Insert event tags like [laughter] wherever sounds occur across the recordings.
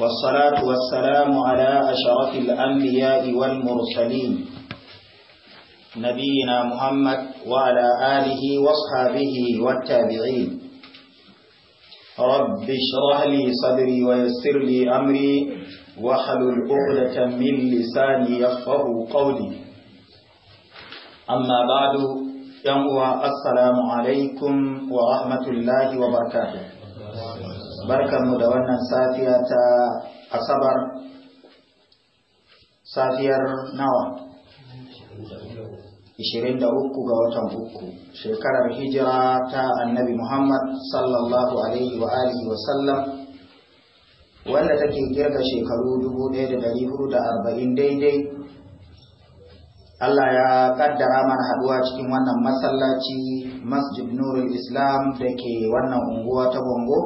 والصلاة والسلام على أشرف الأنبياء والمرسلين نبينا محمد وعلى آله واصحابه والتابعين رب اشرح لي صدري ويسر لي أمري وحلل عقدة من لساني يفقه قولي أما بعد يوم السلام عليكم ورحمة الله وبركاته barkanmu da wannan safiya ta asabar safiyar nawa 23 ga watan uku shekarar hijira ta annabi muhammad sallallahu alaihi wa alihi wa sallam wanda take girka shekaru 1440 daidai Allah ya kaddara mana haduwa cikin wannan masallaci masjid nurul islam da ke wannan unguwa ta bongo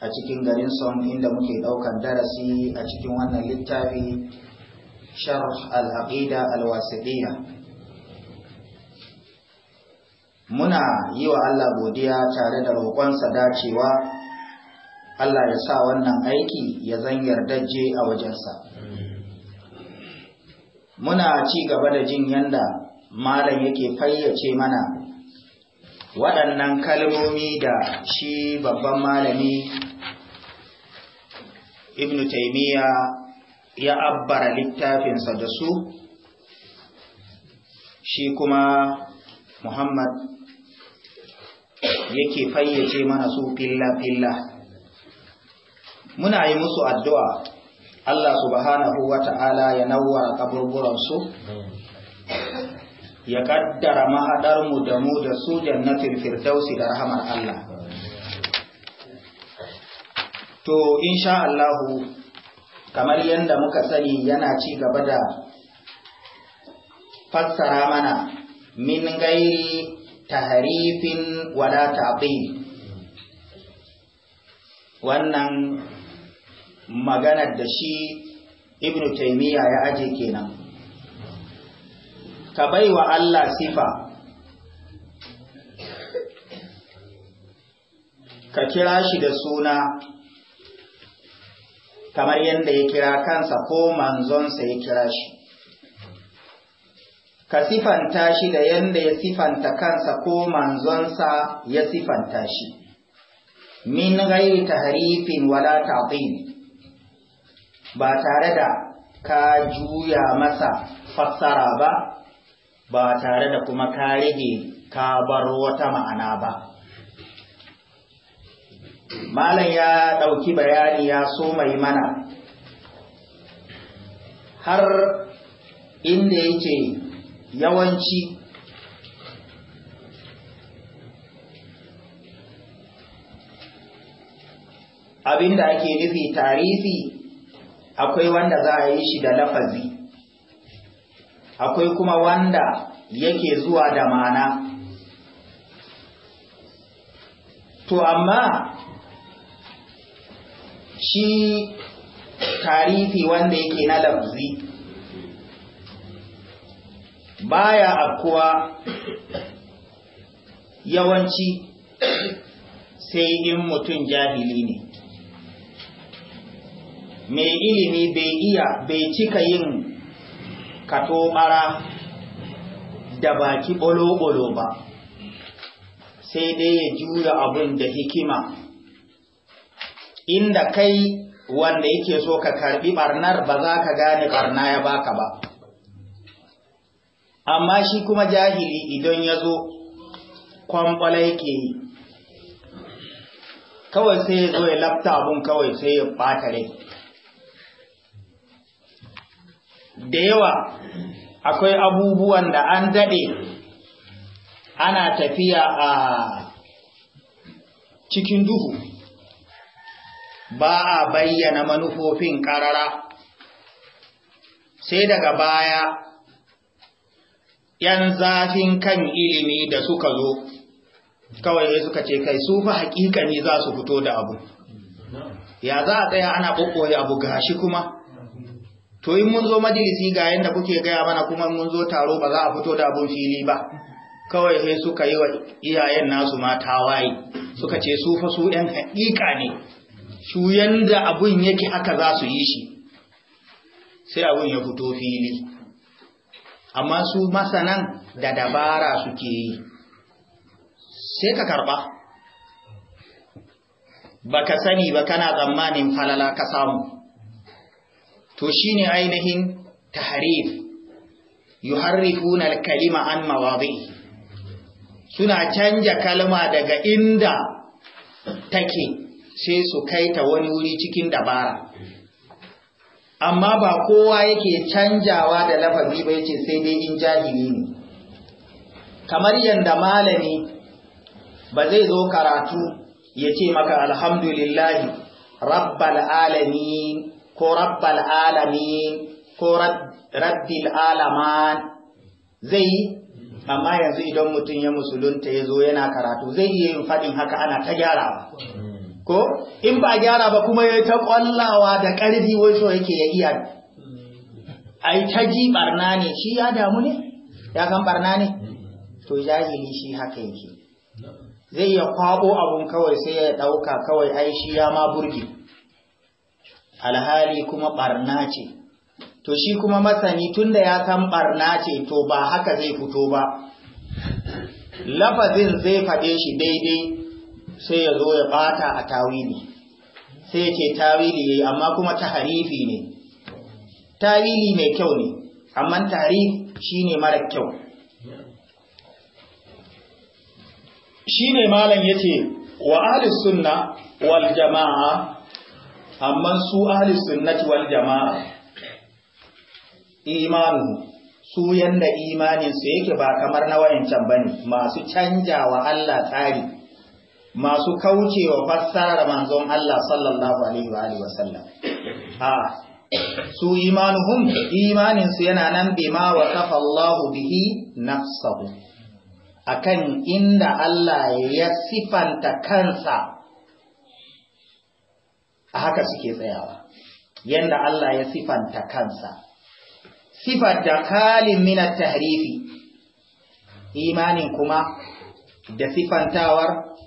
a cikin garin son inda muke ɗaukar darasi a cikin wannan littafi sharh al-aqida al muna yi wa Allah godiya tare da roƙonsa dacewa Allah ya sa wannan aiki ya zan yardaje a wajensa muna ci gaba da jin yanda malam yake fayyace mana waɗannan kalmomi da shi babban malami ibnu taimiyya ya abbara littafinsa da su shi kuma muhammad yake fayyace mana su filla-filla muna yi musu addu'a Allah subhanahu wa ta'ala ya nawara ƙaburburansu ya ƙaddara mahaɗarmu da mu da su jannatin firdausi da rahamar Allah to insha Allahu kamar yadda muka sani yana ci gaba da fassara mana min gairi taharifin wala ta'dil wannan maganar da shi ibn taymiya ya aje kenan ka bai wa Allah sifa ka kira shi da suna kamar yadda ya kira kansa ko manzonsa ya kira shi ka sifanta shi da yadda ya sifanta kansa ko manzonsa ya sifanta shi min gairi taharifin wala ta'dil ba tare da ka juya masa fassara ba ba tare da kuma ka rage ka bar wata ma'ana ba malam ya ɗauki bayani ya so mai mana har inda yake yawanci abinda ake nufi tarihi akwai wanda za a yi shi da lafazi akwai kuma wanda yake zuwa da mana to amma shi tarifi wanda yake na lafzi baya akuwa yawanci sai in mutum jahili ne mai ilimi bai iya bai cika yin katobara da baki ɓolo-ɓolo ba sai dai ya jura abun da hikima inda kai wanda yake so ka karbi barnar ba za ka gane barna ya baka ba amma shi kuma jahili idan ya zo kwamfala yake yi kawai sai ya zo ya lafta abun kawai sai ya ɓata rai da yawa akwai abubuwan da an daɗe ana tafiya a cikin duhu ba a bayyana manufofin ƙarara sai daga baya ‘yan zafin kan ilimi da suka zo kawai ne suka ce kai su fa ne za su fito da abu ya za a tsaya ana ɓoɓɓoye abu gashi kuma to yi mun zo majalisi ga yadda kuke gaya mana kuma mun zo taro ba za a fito da abun fili ba kawai sai suka yi wa iyayen nasu ma tawaye suka ce su fa su ‘yan haƙiƙa ne su yanda abun yake haka za su yi shi sai abun ya fito fili amma su masanan da dabara suke yi sai ka karba ba ka sani ba kana tsammanin falala ka samu to shine ainihin taharif yuharrifuna al-kalima an mawadhi'i suna canja kalma daga inda take sai su kai ta wani wuri cikin dabara amma ba kowa yake canjawa da lafazi ba yace sai dai in jahili ne kamar yanda malami ba zai zo karatu ya ce maka alhamdulillahi rabbal alamin ko rabbal alamin ko rabbil alaman zai yi amma yanzu idan mutum ya musulunta ya zo yana karatu zai iya yin faɗin haka ana ta gyarawa ko in ba gyara ba kuma ya ta kwallawa da ƙarfi wai so yake ya iya ai ta ji barna ne shi ya damu ne ya san barna ne to jahili shi haka yake zai ya kwabo abun kawai sai ya ɗauka kawai ai shi ya ma burge alhali kuma barna ce to shi kuma masani tunda ya san barna ce to ba haka zai fito ba lafazin zai faɗe shi daidai sai ya zo ya bata a tawili sai ya ce tawili yayi amma kuma taharifi ne tawili mai kyau ne amma shi shine mara kyau shine malam yace wa ahli sunna wal jamaa amma su ahli sunnati wal jamaa imanu su yanda imanin su yake ba kamar na wayancan bane masu wa Allah tsari masu kaucewa fassarar manzon Allah sallallahu alaihi wa alihi wasallam a su imanuhum imanin su yana nan bima wa kafa Allahu bihi nafsahu akan inda Allah ya sifanta kansa a haka suke tsayawa yanda Allah ya sifanta kansa sifar da kalin minar tahrifi imanin kuma da sifantawar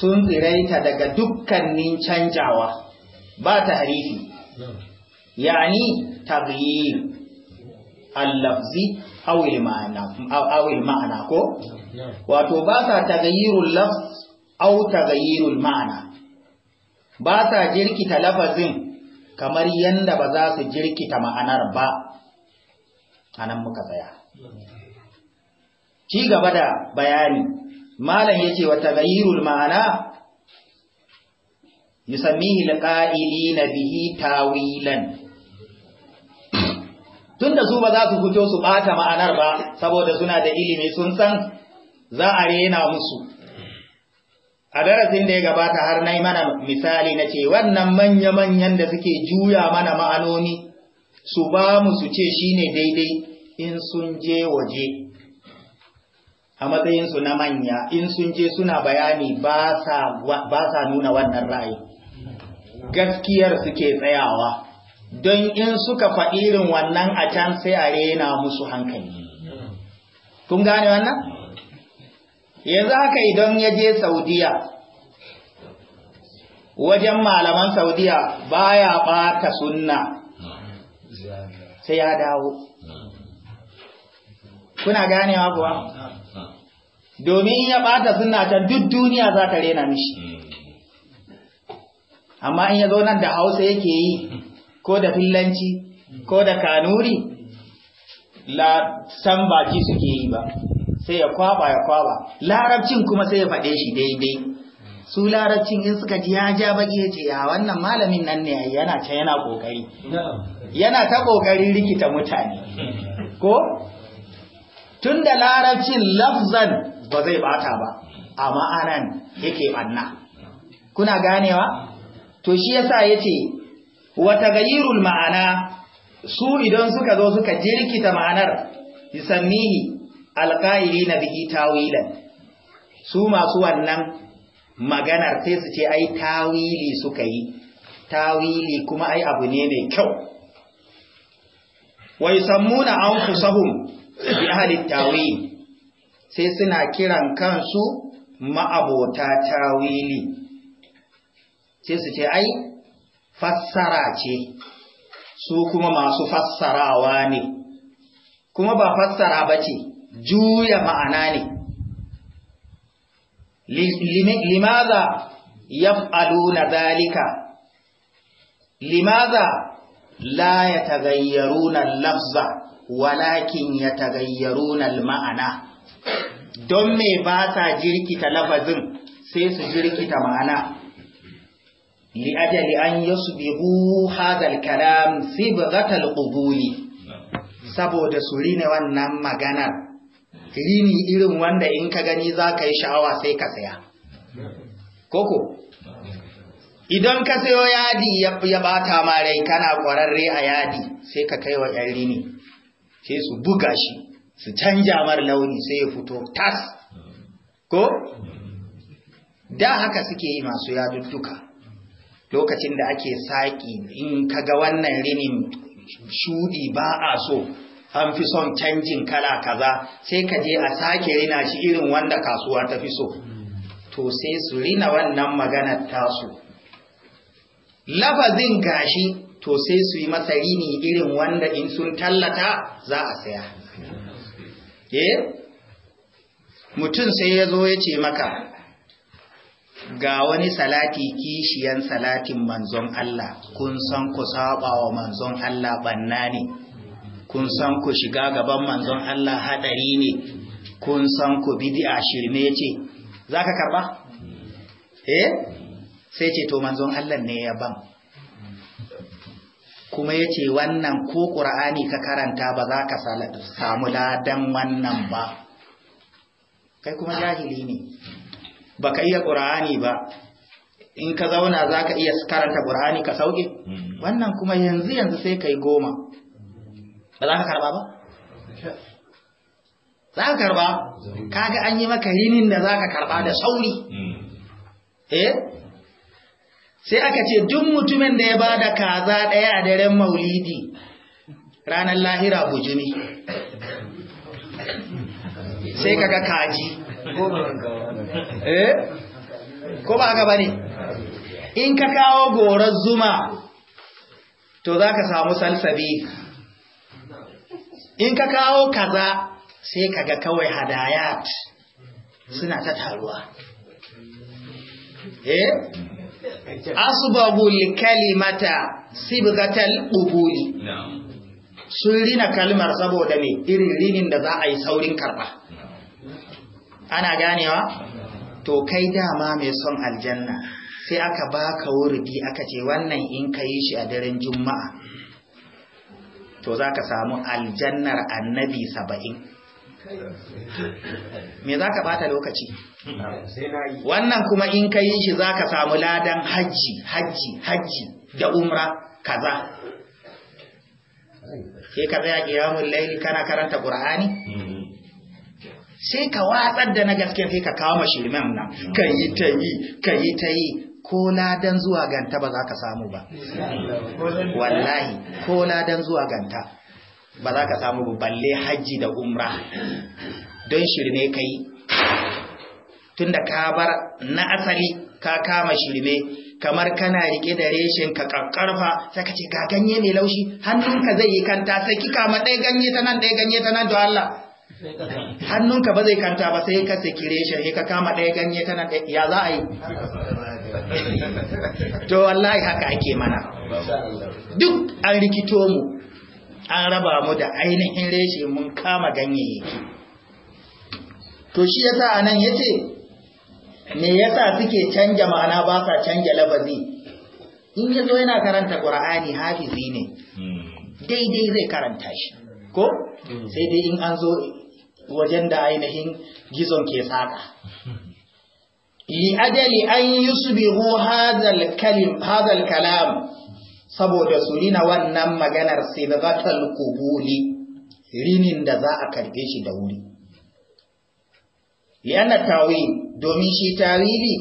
sun tsiraita daga dukkanin canjawa ba ta harifi yani tagyir al-lafzi awil ma'ana ko wato ba sa tagayirul lafz aw tagayirul ma'ana ba sa jirkita lafazin kamar yadda ba za su jirkita ma'anar ba anan muka tsaya ci gaba da bayani malam yace wa taghayyurul ma'ana yusammihi alqa'ilina bihi tawilan tunda su ba za su fito su bata ma'anar ba saboda suna da ilimi sun san za a rena musu a darasin da ya gabata har na mana misali na ce wannan manya-manyan da suke juya mana ma'anoni su ba mu su ce shine daidai in sun je waje a matsayinsu na manya in sun je suna bayani ba sa nuna wannan ra'ayi gaskiyar suke tsayawa don in suka faɗirin wannan a can sai a rena musu hankali kun gane wannan yanzu haka idan ya je saudiya wajen malaman saudiya baya ɓata sunna sai ya dawo kuna ganewa kuwa domin ya ɓata suna can duk duniya za ta rena mishi amma in ya zo nan da hausa yake yi ko da filanci ko da kanuri la san baki suke yi ba sai ya kwaba ya kwaba larabcin kuma sai ya faɗe shi daidai su larabcin in suka ji ya ja baki ya ce ya wannan malamin nan ne yana can yana kokari yana ta kokari rikita mutane ko tun da larabcin lafzan ba zai bata ba a ma'anan yake banna kuna ganewa to shi yasa yace wa tagayirul ma'ana su idan suka zo suka jirkita ma'anar yusammihi alqa'ilina bihi tawilan su masu wannan maganar sai su ce ai tawili suka yi tawili kuma ai abu ne mai kyau wa yusammuna anfusahum bi ahli tawil sai suna kiran kansu ma'abota tawili sai su ce ai fassara ce su kuma masu fassarawa ne kuma ba fassara ba ce juya ma'ana ne limaza yaf'alu na zalika limaza la ya tagayyaru na lafza walakin ya tagayyaru na ma'ana don me ba sa jirkita lafazin sai su jirkita ma'ana ajali an yasbihu hadal kalam sibghatal qubuli saboda su rine wannan maganar rini irin wanda in ka gani za ka yi sha'awa sai ka saya koko idan ka sayo yadi ya bata ma rai kana kwararre a yadi sai ka kai wa yan rini sai su buga shi su canja mar launi sai ya fito tas ko da haka suke yi masu yadudduka lokacin da ake saƙi in kaga wannan rinin shudi ba a so an fi son canjin kala kaza sai ka je a sake rina shi irin wanda kasuwa ta fi so to sai su rina wannan maganar tasu lafazin gashi to sai su yi masa rini irin wanda in sun tallata za a saya eh mutum sai ya zo ya ce maka ga wani salati kishiyan salatin manzon Allah kun san ku saba wa manzon Allah banna ne kun san ku shiga gaban manzon Allah hadari ne kun san ku bid'a shirme ce zaka karba eh sai ce to manzon Allah ne ya ban kuma ya ce wannan ko ƙura'ani ka karanta ba za ka samu ladan wannan ba kai kuma jahili ne ba ka iya ƙura'ani ba in ka zauna za ka iya karanta ƙura'ani ka sauƙi hmm. wannan kuma yanzu yanzu sai ka yi goma ba za ka karba ba za ka karba kaga an yi maka rinin da za ka karba da sauri hmm. eh sai aka ce duk mutumin da ya ba da kaza ɗaya a daren maulidi ranar lahira bujumi sai kaga kaji eh? ko ba haka bane in ka kawo gorar zuma to za ka samu salsabi in ka kawo kaza sai kaga kawai hadayat suna ta taruwa eh? asbabu kalimata sibgatal ubuli sun rina kalmar saboda me irin rinin da za a yi saurin karba ana ganewa to kai dama mai son aljanna sai aka baka wurdi aka ce wannan in ka yi shi a daren juma'a to za ka samu aljannar annabi saba'in me za ka bata lokaci wannan kuma in ka yi shi za ka samu ladan hajji hajji hajji da umra kaza Ke ka tsaya kiyamun laili kana karanta qur'ani sai ka watsar da na gaske sai ka kawo mashirman nan ka yi ta yi ka yi ta yi ko ladan zuwa ganta ba za ka samu ba wallahi ko ladan zuwa ganta ba za ka samu balle hajji da umra don shirme kai tunda ka bar na asali ka kama shirme kamar kana rike da reshen ka kakkarfa sai ka ce ga ganye mai laushi hannunka zai yi kanta sai kika ma ɗaya ganye ta nan ɗaya ganye ta nan don Allah hannunka ba zai kanta ba sai ka saki reshen ka kama ɗaya ganye ta nan ya za a yi to wallahi haka ake mana duk an rikito mu an raba mu da ainihin reshe mun kama ganyayyaki to shi yasa anan yace me yasa suke canja ma'ana ba sa canja lafazi in yazo yana karanta qur'ani hafizi ne hmm. daidai zai karanta shi ko hmm. sai dai in an zo wajen da ainihin gizon ke saka [laughs] li adali an yusbihu hadha al-kalim hadha kalam saboda su rina wannan maganar sibghatal kubuli rinin da za a karbe shi da wuri yana tawi domin shi tawili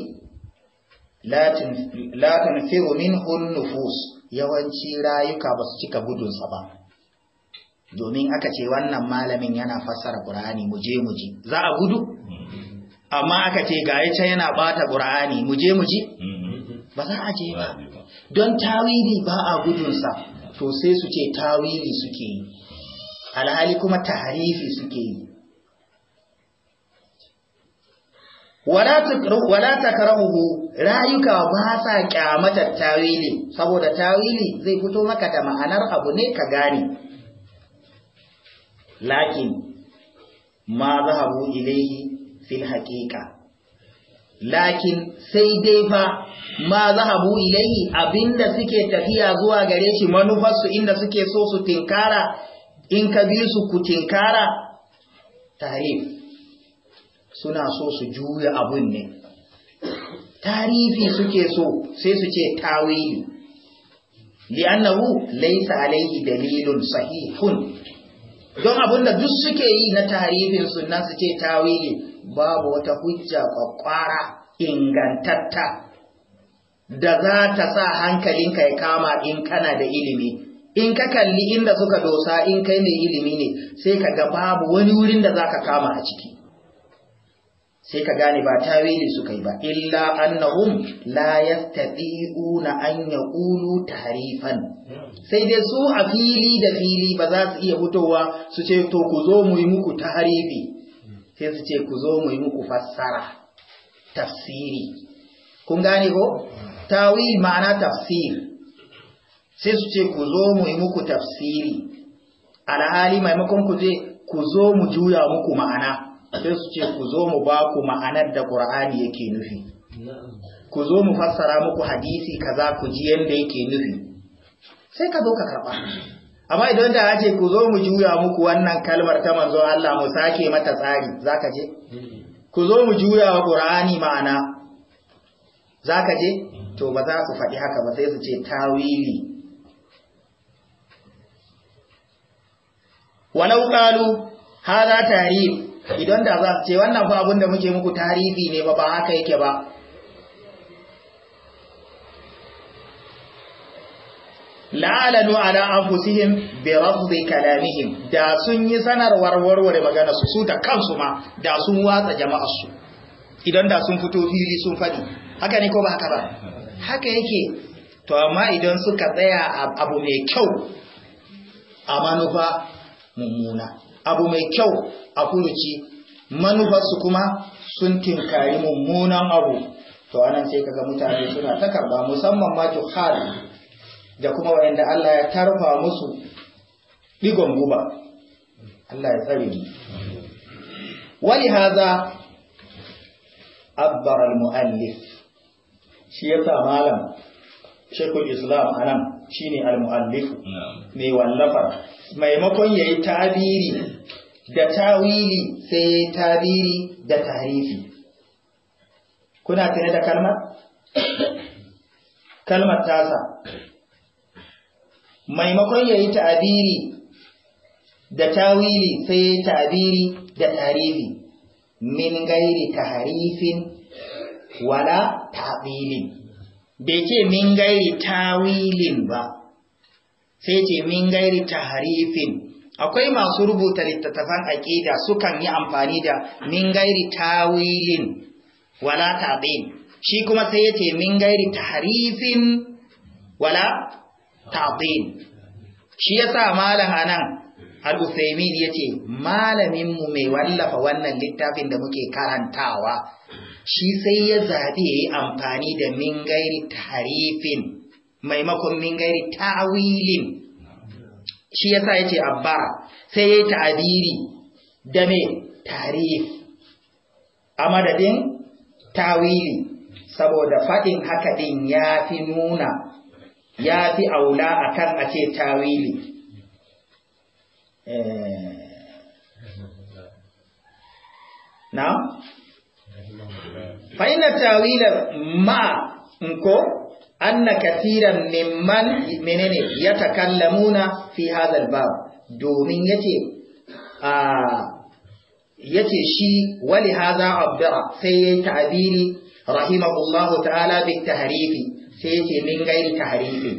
la tanfi'u minhu nufus yawanci rayuka ba su cika gudunsa ba domin aka ce wannan malamin yana fassara qur'ani muje muje za a gudu amma aka ce ga yace yana ɓata qur'ani muje muje ba za a je ba don tawili ba a gudunsa to sai su ce tawili suke yi alhali kuma taharifi suke yi wala takrahuhu rayuka ba sa kyamatar tawili saboda tawili zai fito maka da ma'anar abu ne ka gane lakin ma zahabu ilaihi fil haƙiƙa. lakin sai dai fa ma zahabu ilaihi abinda suke tafiya zuwa gare shi manufarsu inda suke so su tinkara in ka bi su ku tinkara tarif suna so su juya abun ne tarifi suke so sai su ce tawili li'annahu laysa alaihi dalilun sahihun don abunda duk suke yi na tarifin sunan su ce tawili babu wata hujja kwakwara ingantatta da za ta sa hankalinka ya kama in kana da ilimi in ka kalli inda suka dosa in kai ne ilimi ne sai ka ga babu wani wurin da za ka kama a ciki sai ka gane ba wili su kai ba illa annahum la yastati'una an yaqulu tarifan sai dai su a fili da fili ba za su iya fitowa su ce to ku zo mu yi muku tarifi sai su ce ku zo mu yi muku fassara tafsiri kun gane ko tawi ma'ana tafsir sai su ce ku zo mu yi muku tafsiri alhali maimakon ku je ku zo mu juya muku ma'ana sai su ce ku zo mu ba ku ma'anar da qur'ani yake nufi ku zo mu fassara muku hadisi kaza ku ji yanda yake nufi sai ka zo ka karba amma idan da ake ku zo mu juya muku wannan kalmar ta manzo Allah mu sake mata tsari zaka je ku zo mu juya wa qur'ani ma'ana zaka je to ba za su faɗi haka ba sai su ce tawili walau qalu hadha tarif idan da za su ce wannan fa abinda da muke muku tarifi ne ba ba haka yake ba la'alanu ala anfusihim bi rafdi kalamihim da sun yi sanarwar warware magana su su da kansu ma da sun watsa jama'ar su idan da sun fito fili sun fadi haka ne ko ba haka ba haka yake to amma idan suka tsaya abu mai kyau a manufa mummuna abu mai kyau a manufar su kuma sun tinkari mummunan abu to anan sai kaga mutane suna takarda musamman ma juhari da kuma waɗanda Allah ya tarfa musu digon guba Allah ya tsare Wani haza abbar al-muallif shi yasa malam shekul islam anan shine al-muallif mai wallafa maimakon yayi tabiri da tawili sai tabiri da tarifi kuna tare da kalmar kalmar tasa maimakon ya yi ta'abiri da tawili sai ya yi ta'abiri da tarihi min gairi harifin wala ta'abilin bai ce min gairi tawilin ba sai ce min gairi harifin. akwai masu rubuta littattafan aƙida sukan yi amfani da min gairi tawilin wala ta'abil shi kuma sai ya ce min gairi harifin wala ta'zim shi yasa malam anan al-usaymin yace malamin mu mai wallafa wannan littafin da muke karantawa shi sai ya zabi yayi amfani da min gairi tarifin maimakon min gairi ta'wilin shi yasa yace abbara sai yayi da me tarif a madadin tawili saboda faɗin haka ɗin ya fi nuna ya fi aula a kan a ce tawili eh. na? fa'ina tawilar ma'a ko an na kasiran mimman menene ya takallamuna fi hazal ba domin yace yace shi wali haza abdura sai ya yi ta'abiri rahimahullahu ta'ala bi tahrifi sai ce min gairi harifi.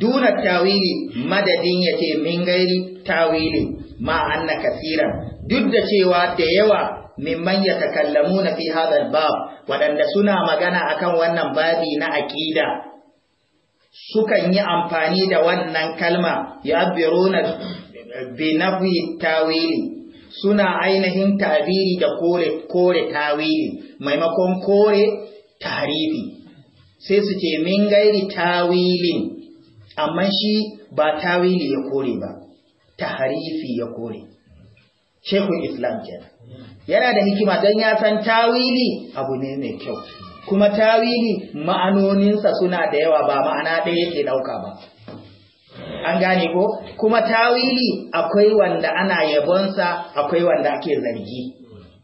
duna tawili madadin ya ce min gairi tawilin ma anna kasiran duk da cewa da yawa mimman ya kallamu na fi hadal bab waɗanda suna magana akan wannan babi na aƙida sukan yi amfani da wannan kalma ya biruna binafi tawili suna ainihin tabiri da kore, kore tawili maimakon kore tarihi sai su ce min gairi tawilin amma shi ba tawili ya kore ba taharifi ya kore shekul islam kenan yana da hikima don ya san tawili abu ne mai kyau kuma tawili ma'anoninsa suna da yawa ba ma'ana ɗaya yake ɗauka ba an gane ko kuma tawili akwai wanda ana yabonsa akwai wanda ake zargi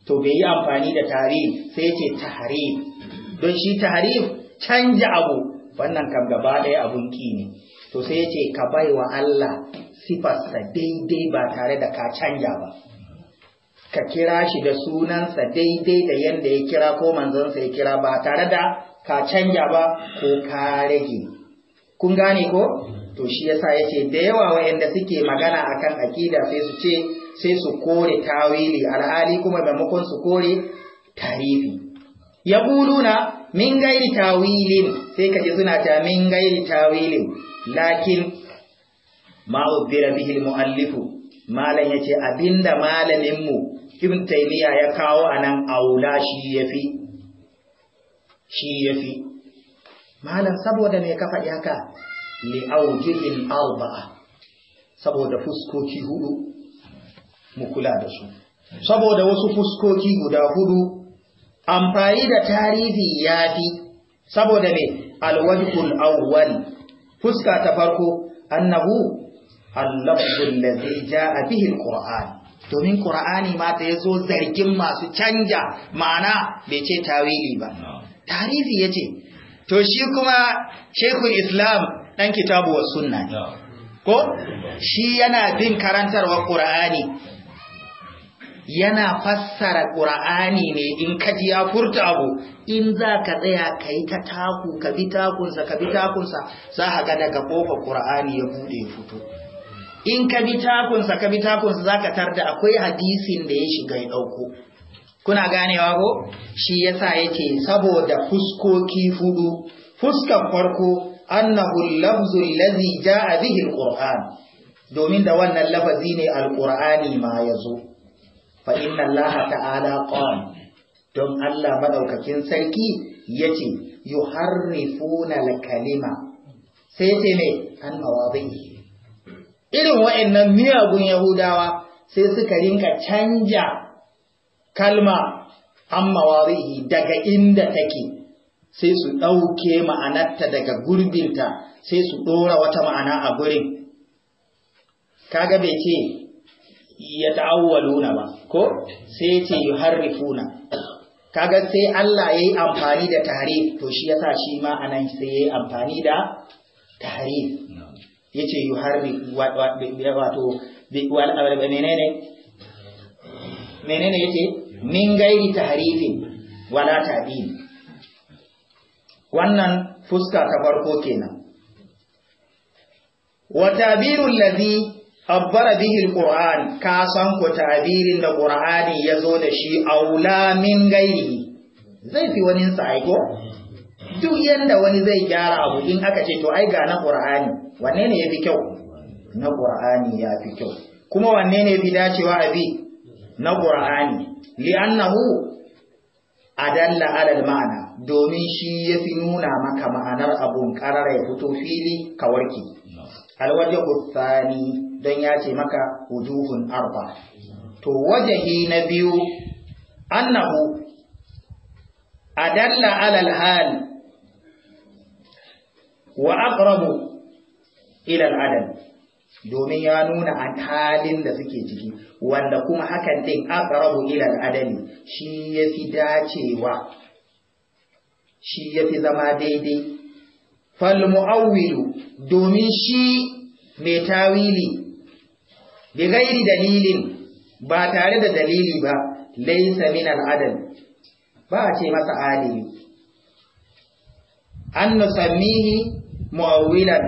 to bai yi amfani da tarif sai ce taharif don shi taharif canja abu wannan kam gaba ɗaya abun ki ne to sai yace ka bai wa Allah sifarsa daidai ba tare da ka canja ba ka kira shi da sunansa daidai da yadda ya kira ko manzonsa ya kira ba tare da ka canja ba ko ka rage kun gane ko to shi yasa yace da yawa wayanda suke magana akan akida sai su ce sai su kore tawili alhali kuma maimakon su kore tarifi yaquluna min gairi tawilin sai ka suna ta min gairi tawilin lakin ubira bihi muallifu malam yace abinda malamin mu ibn taymiya ya kawo anan aula shi yafi shi yafi malam saboda me ka faɗi haka li aujihin arba'a saboda fuskoki hudu mu kula da su saboda wasu fuskoki guda hudu amfani da tarihi ya fi saboda mai alwajikul awwal fuska ta farko annahu zai ja a fihin ƙura'ani domin ƙura'ani mata ya yazo zargin masu canja ma'ana bai ce tawili ba tarihi ya ce to shi kuma shaykhul islam ɗan kitabu sunna ko shi yana bin karantarwa ƙura'ani yana fassara ƙura'ani ne in ka ya furta abu in za ka tsaya ka yi ta taku ka bi takunsa ka bi takunsa za ka ga daga kofa ƙura'ani ya buɗe fito in ka bi takunsa ka bi takunsa za ka tarda akwai hadisin da ya shiga ya ɗauko kuna ganewa ko shi yasa yake saboda fuskoki hudu fuskan farko annahu lafzul ladzi jaa bihi alquran domin da wannan lafazi ne alqurani ma yazo fa inna Allah ta'ala qala don Allah madaukakin sarki yace yuharrifuna al-kalima sai yace me an mawadihi irin wa'annan miyagun yahudawa sai suka rinka canja kalma an mawadihi daga inda take sai su ɗauke ma'anarta daga gurbinta sai su ɗora wata ma'ana a gurin kaga bai ce ya ta'awwaluna ba ko sai ce yuharrifuna kaga sai Allah yayi amfani da tahrif to shi yasa shi ma anan sai yayi amfani da tahrif yace yuharrif wato menene menene yace min gairi tahrifin wala tabiin wannan fuska ta farko kenan wa tabirul ladhi abbara bihi alquran ka san ko tabirin da qur'ani yazo da shi aula min gairi zai fi wani sai ko duk yanda wani zai gyara abu in aka ce to ai ga na qur'ani wanne ne yafi kyau na qur'ani yafi kyau kuma wanne ne yafi dacewa abi na qur'ani li'annahu adalla alal ma'ana domin shi yafi nuna maka ma'anar abun karara ya fito fili ka warke alwajhu thani don ya ce maka wujuhun arba to wajahi na biyu annahu adalla alal hal wa aqrabu ila al domin ya nuna a halin da suke ciki wanda kuma hakan din aqrabu ila al shi yafi dacewa shi yafi zama daidai fal mu'awwilu domin shi mai tawili bi gairi dalilin ba tare da dalili ba laysa min ba ce masa alimi an nusammihi mu'awilan,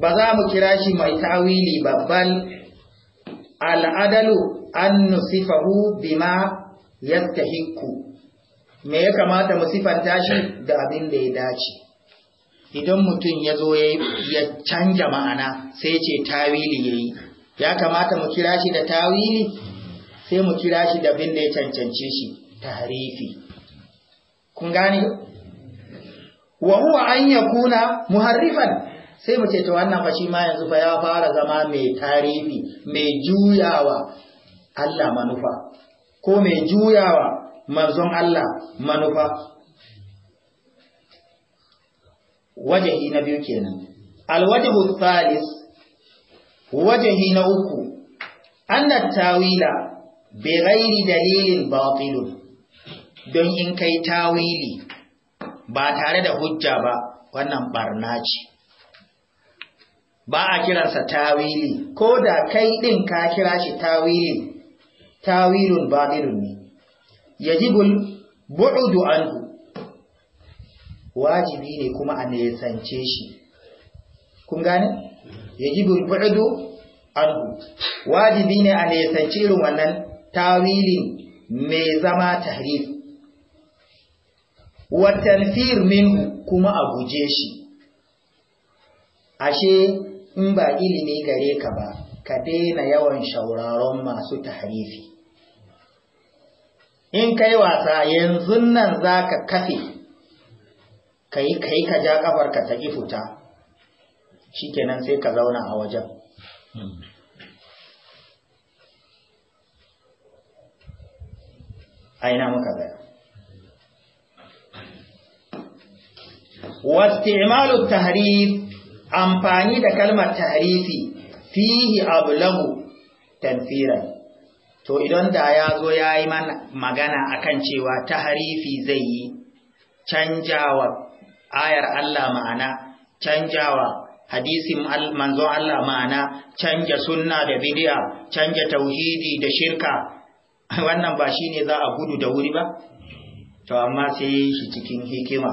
ba za mu kira shi mai tawili al al'adalu an nusifahu bima yastahiqu me ya kamata mu sifanta shi da abin da ya dace idan mutum ya zo ya canja ma'ana sai ce tawili yayi ya kamata mu kira shi da tawili sai mu kira shi da bin da ya cancance shi tarifi kun gane wa huwa an yakuna muharrifan sai mu ce to wannan fa shi ma yanzu fa ya fara zama mai tarifi mai juyawa Allah manufa ko mai juyawa manzon Allah manufa wajahi na biyu kenan alwajhu thalith wajahi na uku annat tawila bai gairi dalilin batilun don in kai tawili ba tare da hujja ba wannan barna ce ba a kiransa tawili ko da kai ɗin ka kira shi tawili tawilun batilun ne yajibul bu'udu anhu wajibi ne kuma a nesance shi kun gane yajibul bu'du anhu wajibi ne a nesanci irin wannan tawilin mai zama tahrif wa tanfir min kuma a guje shi ashe in ba ilimi gare ka ba ka daina yawan shauraron masu tahrifi in kai wasa yanzu nan zaka kafe kai kai ka ja kafar ka ta ifuta Shi shikenan sai ka zauna a wajen aina muka Wasu wastimalu tahrif amfani da kalmar tahrifi fihi ablahu tanfiran to idan da ya zo ya yi magana akan cewa tahrifi zai yi canjawa ayar Allah ma'ana canjawa hadisin manzon Allah ma'ana canja sunna da bid'a canja tauhidi da shirka [laughs] wannan ba shine za a gudu da wuri ba to amma sai shi cikin hikima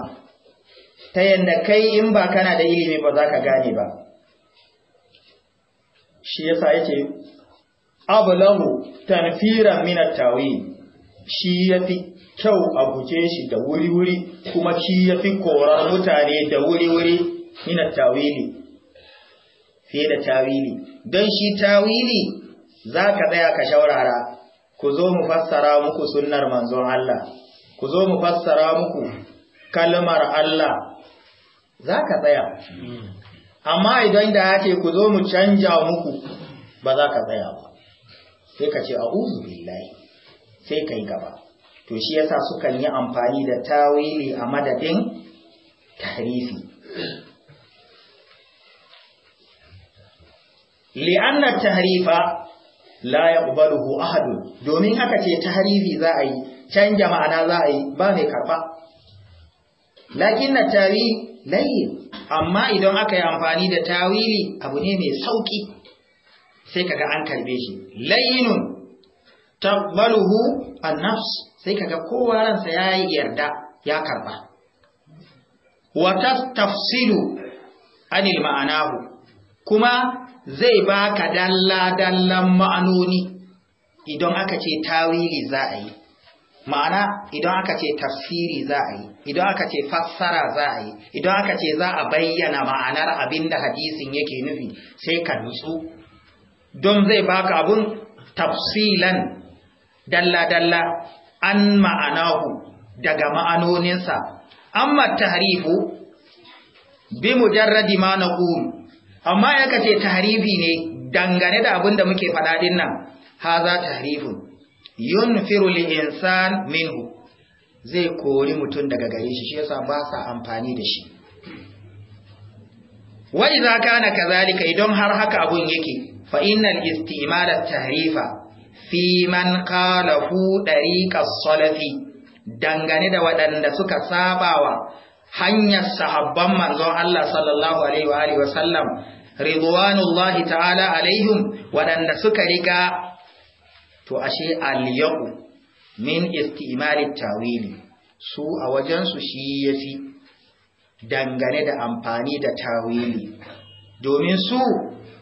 ta yanda kai in ba kana da ilimi ba za ka gane ba shi yasa yake ablahu tanfiran min at-tawil shi yafi kyau a guje shi da wuri-wuri kuma shi yafi korar mutane da wuri-wuri min at-tawili fiye da tawili don shi tawili za ka tsaya ka shaurara ku zo mu fassara muku sunnar manzon Allah ku zo mu fassara muku kalmar Allah za ka tsaya amma idan da yake ku zo mu canja muku ba za ka tsaya ba sai ka ce a billahi sai ka gaba to shi yasa sukan yi amfani da tawili a madadin tahrifi li'annar tahrifa la ya ƙubaluhu domin aka ce tahrifi za a yi canja ma'ana za a yi ba mai karɓa lakin na tawi layin amma idan aka yi amfani da tawili abu ne mai sauƙi sai kaga an karbe shi layinun taqbaluhu an-nafs sai kaga kowa ransa yayi yarda ya karba wa tafsilu anil ma'anahu kuma zai ba ka dalla-dallan ma'anoni idan aka ce tawili za a yi ma'ana idan aka ce tafsiri za a yi idan aka ce fassara za a yi idan aka ce za a bayyana ma'anar abin da hadisin yake nufi sai ka nutsu don zai ba ka abin tafsilan dalla-dalla an ma'anahu daga ma'anoninsa amma tarifu bi mujarradi ma na amma ya kace tahrifi ne dangane da abin da muke faɗa din nan za tahrifun yunfiru lil insan minhu zai kori mutum daga gare shi shi yasa ba sa amfani da shi wa idza kana kazalika idan har haka abun yake fa innal istimala tahrifa fi man qalahu dariqas salafi dangane da waɗanda suka sabawa hanyar sahabban manzon Allah sallallahu alaihi ridwanullahi ta'ala alaihim waɗanda suka riga to ashe aliyu min istimali tawili su a wajensu shi yafi dangane da amfani da tawili domin su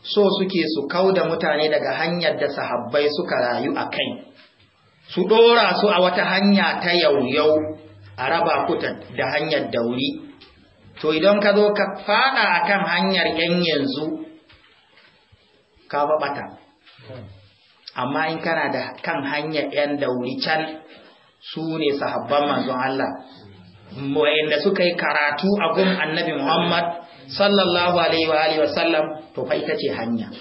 so suke su kau da mutane daga hanyar da sahabbai suka rayu a kai su ɗora su a wata hanya ta yau-yau a raba ku da hanyar dauri to idan ka zo ka fada akan hanyar yan yanzu ka babata amma in kana da kan hanyar yan dauri can su ne sahabban manzon Allah wayanda suka yi karatu a gun annabi Muhammad sallallahu alaihi wa alihi wasallam to fa ita ce hanya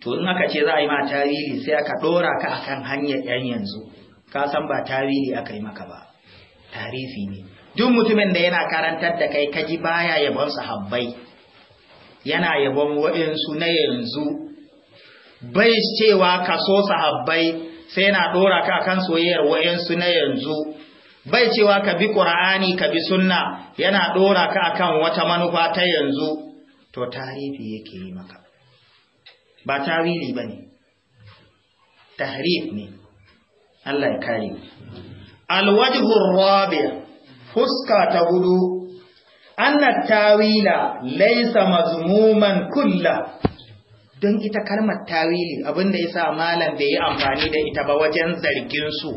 to in aka ce za a yi ma tarihi sai aka dora ka akan hanyar yan yanzu ka san ba tarihi aka yi maka ba tarifi ne duk mutumin da yana karantar da kai kaji baya yabon sahabbai yana yabon wa'insu na yanzu bai cewa so sahabbai sai yana ɗora ka kan soyayyar wa'insu na yanzu bai cewa ka bi qur'ani ka bi sunna yana dora ka akan wata manufa ta yanzu to tarifi yake yi maka ba tawili bane tahrif ne Allah ya kare alwajihun rabia fuska ta hudu anna tawila laisa mazmuman kulla don ita kalmar tawili abinda yasa malam bai yi amfani da ita ba wajen zargin su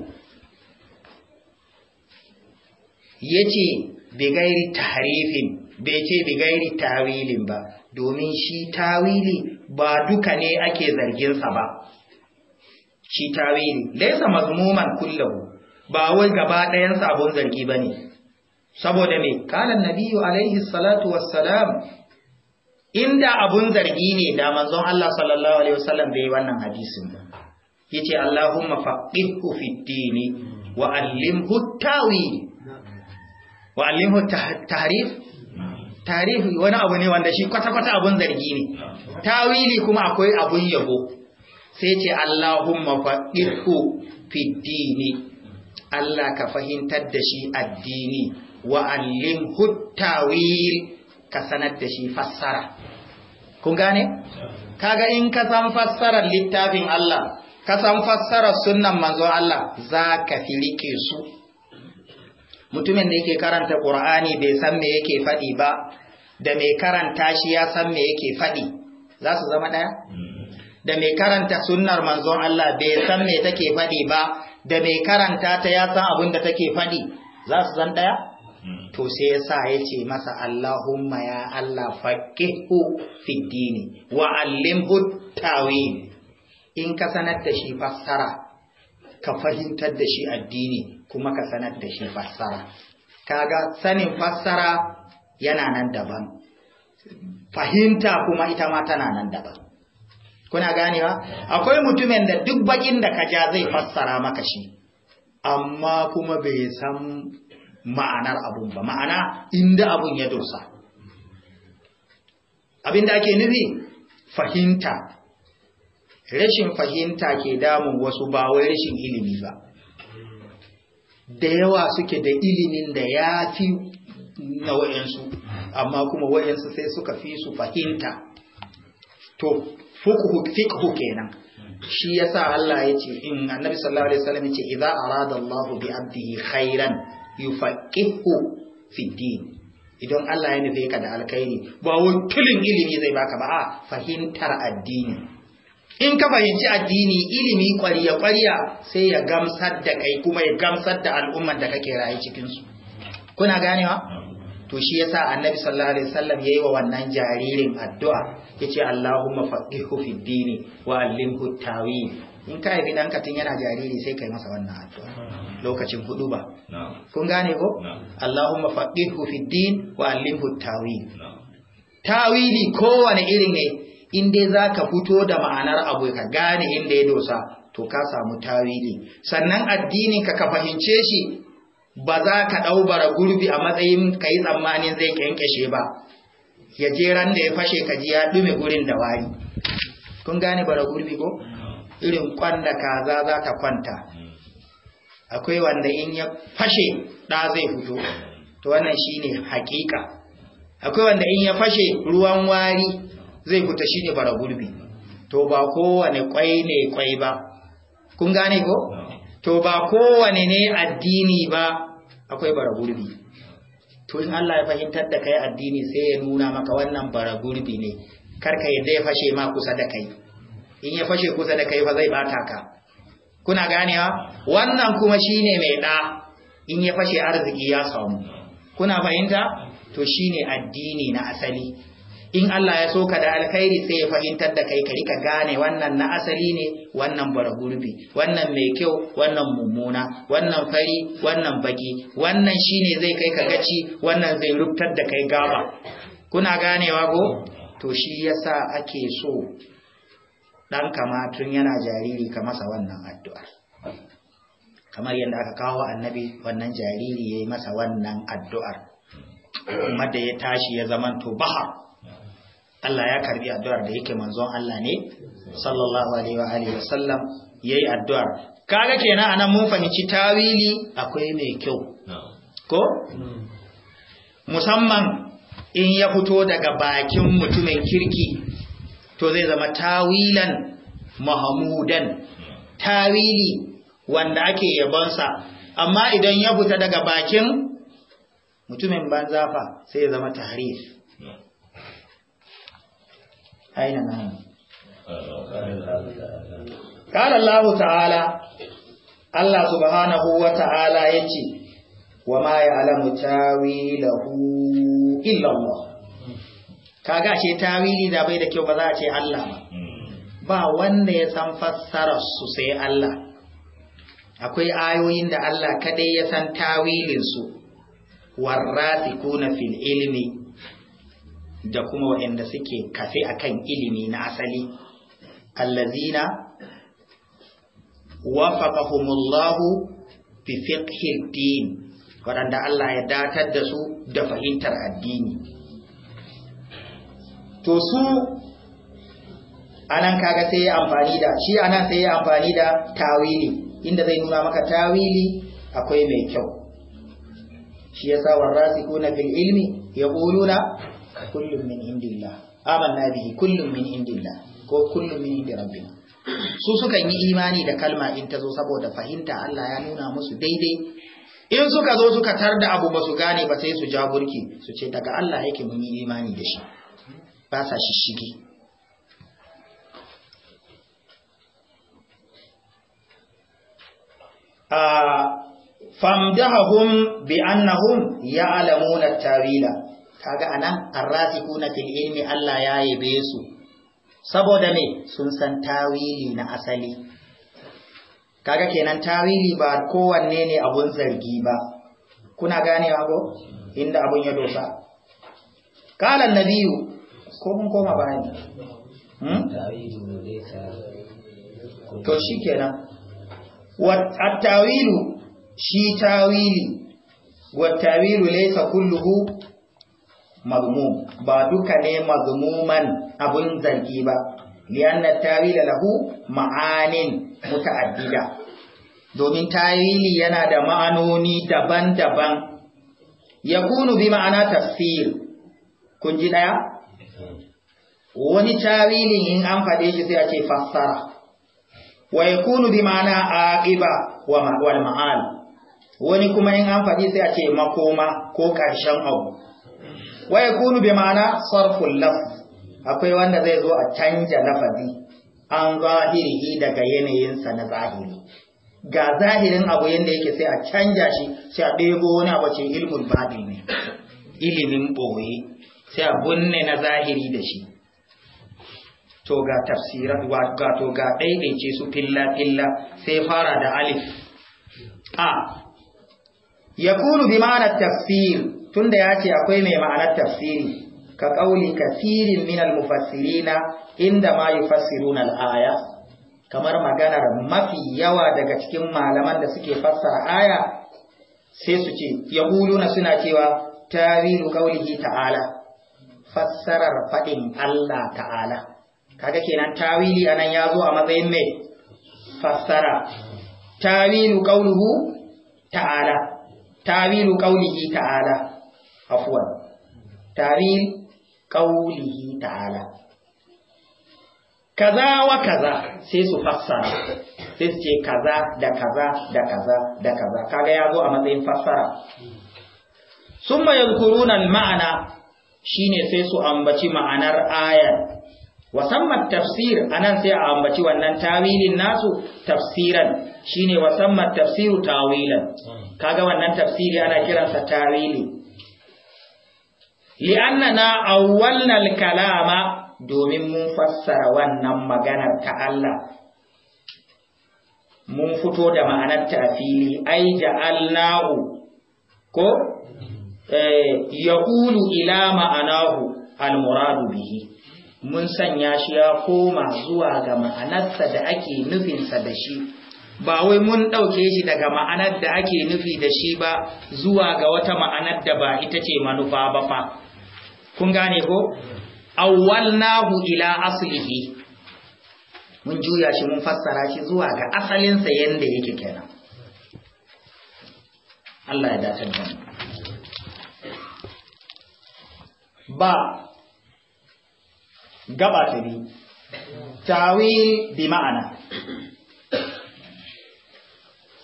yace bigairi tahrifin bai ce bigairi tawilin ba domin shi tawili ba duka ne ake zarginsa ba shi tawili laisa mazmuman kullahu ba wai gaba ɗayan sabon zargi ba ne saboda me kalan nabiyu alaihi salatu wassalam inda abun zargi ne da manzon Allah sallallahu alaihi wasallam bai wannan hadisin ba yace Allahumma faqihhu fid dini wa allimhu tawil wa allimhu tahrif tarihi wani abu ne wanda shi kwata-kwata abun zargi ne tawili kuma akwai abun yabo sai ce Allahumma faqihu fid dini Allah ka fahimtar da shi addini wa allim ka sanar da shi fassara kun gane kaga in ka san fassarar littafin Allah ka san fassarar sunnan manzon Allah za ka fi rike su mutumin da yake karanta Qur'ani bai san me yake faɗi ba da mai karanta shi ya san me yake faɗi za su zama ɗaya hmm. da mai karanta sunnar manzon Allah bai san me take faɗi ba da mai karanta ta ya san abin da take faɗi za su zan ɗaya hmm. to sai ya sa ya ce masa Allahumma ya Allah faqihu fid dini wa allimhu tawil in ka sanar da shi fassara ka fahimtar da shi addini kuma ka sanar da shi fassara kaga sanin fassara yana nan daban fahimta kuma ita ma tana nan daban kuna ganewa akwai mutumin da duk bakin da ka ja zai fassara maka shi amma kuma bai san ma'anar abun ba ma'ana inda abun ya dursa. abin da ake nufi fahimta rashin fahimta ke damun wasu ba wai rashin ilimi ba da yawa suke da ilimin da ya fi na wa'yansu amma kuma wa'yansu sai suka fi su fahimta to fiqhu kenan shi yasa Allah ya ce in annabi sallallahu alaihi wasallam ya ce idza arada Allah bi abdihi khairan yufaqihu fi din idan Allah ya nufi ka da alkhairi ba wai tulin ilimi zai baka ba a fahimtar addini in ka fahimci addini ilimi kwariya kwariya sai ya gamsar da kai kuma ya gamsar da al'ummar da kake rayu cikin su kuna ganewa to shi yasa annabi sallallahu alaihi wasallam yayi wa wannan jaririn addu'a yace Allahumma faqihhu fid dini wa allimhu tawil in ka yi dan katin yana jariri sai kai masa wannan addu'a lokacin hudu ba kun gane ko Allahumma faqihhu fid din wa allimhu tawil tawili kowane irin ne in dai zaka fito da ma'anar abu ka gane inda ya dosa to ka samu tawili sannan addinin ka ka fahimce shi ba za ka ɗaubara gurbi a matsayin ka yi tsammanin zai kyankyashe ba ya je ran da ya fashe ka ji ya ɗume gurin da wari kun gane bara gurbi ko irin kwan da kaza za ka kwanta akwai wanda in ya fashe ɗa zai fito to wannan shi ne hakika akwai wanda in ya fashe ruwan wari zai fita ne bara gurbi to ba kowane kwai ne kwai ba kun gane ko to ba kowane ne addini ba akwai baragurbi to in Allah ya fahimtar da kai addini sai ya nuna maka wannan baragurbi ne kar ka yadda ya fashe ma kusa da kai in ya fashe kusa da kai fa zai bata ka kuna ganewa wannan kuma shine mai da in ya fashe arziki ya samu kuna fahimta to shine addini na asali in Allah ya so ka da alkhairi sai ya fahimtar da kai ka gane wannan na asali ne wannan bara gurbi, wannan mai kyau wannan mummuna wannan fari wannan baki wannan shine zai kai ka gaci wannan zai rubtar da kai gaba kuna ganewa ko to shi yasa ake so dan kama tun yana jariri ka masa wannan addu'a kamar yadda aka kawo annabi wannan jariri yayi masa wannan addu'ar kuma da ya tashi ya zamanto bahar Allah ya karbi addu'ar da yake manzon Allah ne sallallahu alaihi wa alihi wasallam yayi addu'ar kaga kenan anan mun fahimci tawili akwai mai kyau ko musamman in ya fito daga bakin mutumin kirki to zai zama tawilan mahmudan tawili wanda ake yabonsa amma idan ya fita daga bakin mutumin banzafa sai ya zama tarihi. aina nan qala allah ta'ala allah subhanahu wa ta'ala yace wa ma ya'lamu tawilahu illa allah kaga ce tawili da bai da kyau ba za a ce allah ba wanda ya san fassarar su sai allah akwai ayoyin da Allah kadai ya san tawilinsu warrasikuna fil ilmi da kuma waɗanda suke kafe akan ilimi na asali allazina wafaqahumullahu bi fiqhi din waɗanda Allah ya datar da su da fahimtar addini to su anan kaga sai ya amfani da shi anan sai ya amfani da tawili inda zai nuna maka tawili akwai mai kyau shi yasa warasikuna fil ilmi yaquluna kullum min indillah amanna bihi kullum min indillah ko kullum min inda rabbina su sukan yi imani da kalma in ta zo saboda fahimta Allah ya nuna musu daidai in suka zo suka tar da abu ba su gane ba sai su ja burki su ce daga Allah yake mun yi imani da shi ba sa a famdahum bi annahum ya'lamuna tawila kaga anan kuna fil ilmi Allah ya yabe su saboda me sun san tawili na asali kaga kenan tawili ba kowanne ne abun zargi ba kuna ganewa go inda abun ya dosa kala nabiyu ko mun koma bani? hmm? to shi kenan tawilu shi tawili at-tawilu laysa kulluhu mazmum ba duka ne mazmuman abun zargi ba li'anna tawila lahu ma'anin muta'addida domin tawili yana da ma'anoni daban-daban yakunu bi ma'ana tafsir kun ji daya wani tawilin in an shi sai a ce fassara wa yakunu bi ma'ana aqiba wa ma'al wani kuma in an faɗi sai a ce makoma ko ƙarshen abu waya kunu bi ma'ana sarful laf akwai wanda zai zo a canja lafazi an zahirihi daga yanayin sa na zahiri ga zahirin abu yadda yake sai a canja shi sai a debo wani abu ce ilmul baɗin ne ilimin ɓoye sai a bunne na zahiri da shi to ga tafsira wa ga ɗaiɗaice su filla-filla sai fara da alif a ya kulu bi ma'ana tafsir tunda ya ce akwai mai ma'anar tafsiri ka ƙauli kasirin minal mufassirina inda ma yufassiruna al-aya kamar maganar mafi yawa daga cikin malaman da suke fassara aya sai su ce yahuluna suna cewa tawilu qaulihi ta'ala fassarar faɗin Allah ta'ala kaga kenan tawili anan ya zo a matsayin mai fassara tawilu qauluhu ta'ala tawilu qaulihi ta'ala afuwan taril ƙaulihi ta'ala kaza wa kaza sai su fassara sai su ce kaza da kaza da kaza da kaza kaga ya zo a matsayin fassara summa yadhkuruna al-ma'ana shine sai su ambaci ma'anar 'a'yan, wasamman tafsir anan sai a ambaci wannan tawilin nasu tafsiran shine wasamman tafsiru tawilan hmm. kaga wannan tafsiri ana kiransa tawili li'annana awwalnal kalama domin mun fassara wannan maganar ta Allah mun fito da ma'anar ta fili ai ja'alnahu ko eh, yaqulu ila ma'anahu almuradu bihi mun sanya shi ya koma zuwa ga ma'anarsa da ake nufinsa da shi ba wai mun ɗauke shi daga ma'anar da ake nufi da shi ba zuwa ga wata ma'anar da ba ita ce manufa ba fa kun gane ko awwalnahu ila aslihi mun juya shi mun fassara shi zuwa ga asalinsa yanda yake kenan Allah ya dace da ba gaba ta tawil bi ma'ana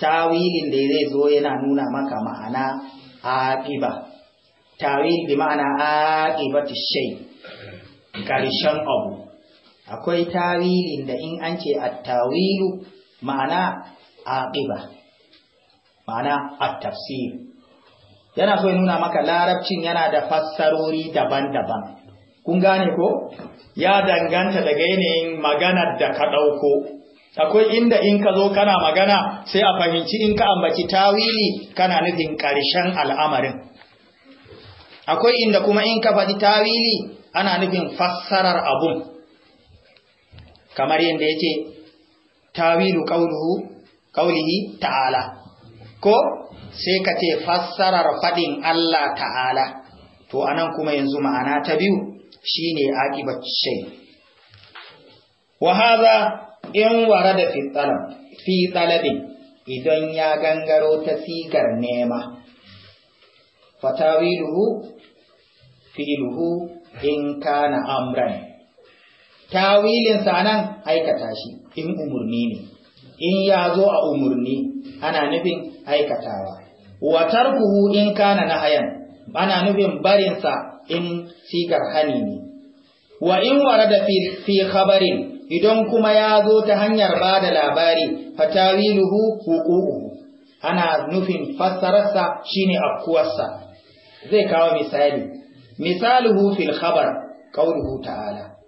tawilin da zai zo yana nuna maka ma'ana a ba tawil bi ma'ana aqibatu shay karshen abu akwai tawilin da in an ce at-tawilu ma'ana aqiba ma'ana at-tafsir yana so nuna maka larabcin yana da fassarori daban-daban kun gane ko ya danganta daga yanayin maganar da ka dauko akwai inda in ka zo kana magana sai a fahimci in ka ambaci tawili kana nufin ƙarshen al'amarin akwai inda kuma in ka faɗi tawili ana nufin fassarar abun kamar yadda ya ce tawilu ƙaunihi ta'ala ko sai ka ce fassarar faɗin Allah ta'ala to anan kuma yanzu ma'ana ta biyu shine ne shay Wahaza hadha in warada da fi tsalabin idan ya gangaro ta sigar nema fatawiluhu fi'luhu in kana amran tawilin nan aikata shi in umurni ne in ya zo a umurni ana nufin aikatawa wa tarkuhu in kana nahayan ana nufin barinsa in sigar hani ne wa in warada fi fi khabarin idan kuma ya zo ta hanyar bada labari fatawiluhu huququhu ana nufin fassararsa shine afkuwarsa zai kawo misali misaluhu fil khabar kauluhu ta'ala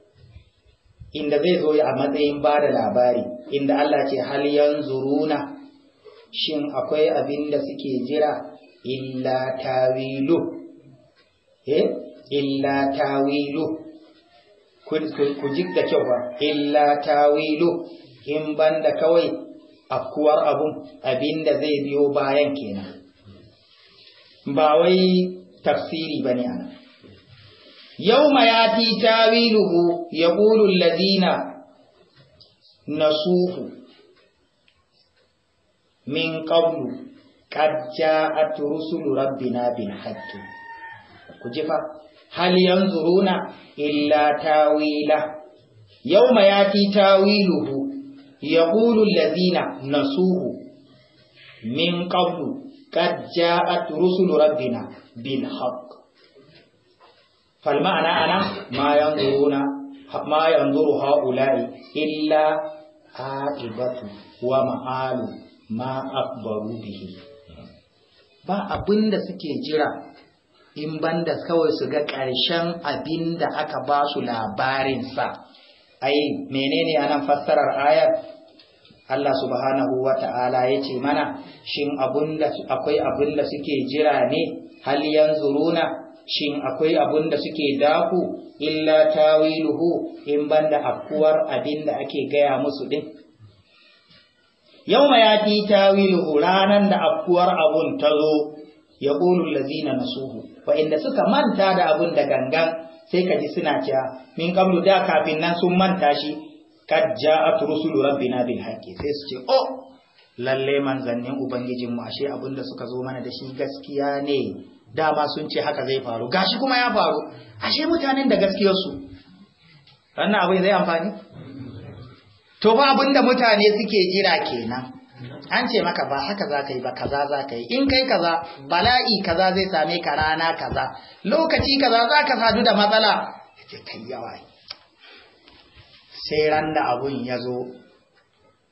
inda zai zo a matsayin ba da labari inda Allah ce hal yanzuruna shin akwai abin da suke jira illa tawilu eh illa tawilu ku ji da kyau ba illa tawilu in banda kawai afkuwar abun abin da zai biyo bayan kenan ba wai tafsiri ba ne nan. يوم ياتي تاويله يقول الذين نسوه من قبل قد جاءت رسل ربنا بالحق كجفا هل ينظرون إلا تاويله يوم ياتي تاويله يقول الذين نسوه من قبل قد جاءت رسل ربنا بالحق falma'ana ana ma yanzuruna ma yanzuru haula'i illa aqibatu wa ma'alu ma akbaru bihi ba abinda suke jira in banda kawai su ga ƙarshen abinda aka basu su labarinsa ai menene anan fassarar ayar Allah subhanahu wa ta'ala ya ce mana shin akwai abin suke jira ne hal yanzuruna shin akwai abun da suke daku illa tawiluhu in banda afkuwar abin da ake gaya musu din yawma yati tawiluhu ranan da afkuwar abun tazo ya qulu allazina nasuhu wa inda suka manta da abun da gangan sai ka ji suna cewa min qablu da kafin nan sun manta shi kad ja'at rusulu rabbina bil haqqi sai su ce oh lalle ubangijin mu ashe abin da suka zo mana da shi gaskiya ne dama sun ce haka zai faru gashi kuma ya faru ashe mutanen da gaskiyarsu wannan abin zai amfani to ba abinda mutane suke jira kenan an ce maka ba haka za ka yi ba kaza za ka yi in kai kaza bala'i kaza zai same ka rana kaza lokaci kaza za ka sadu da matsala ce kai yawa sai ran da abun ya zo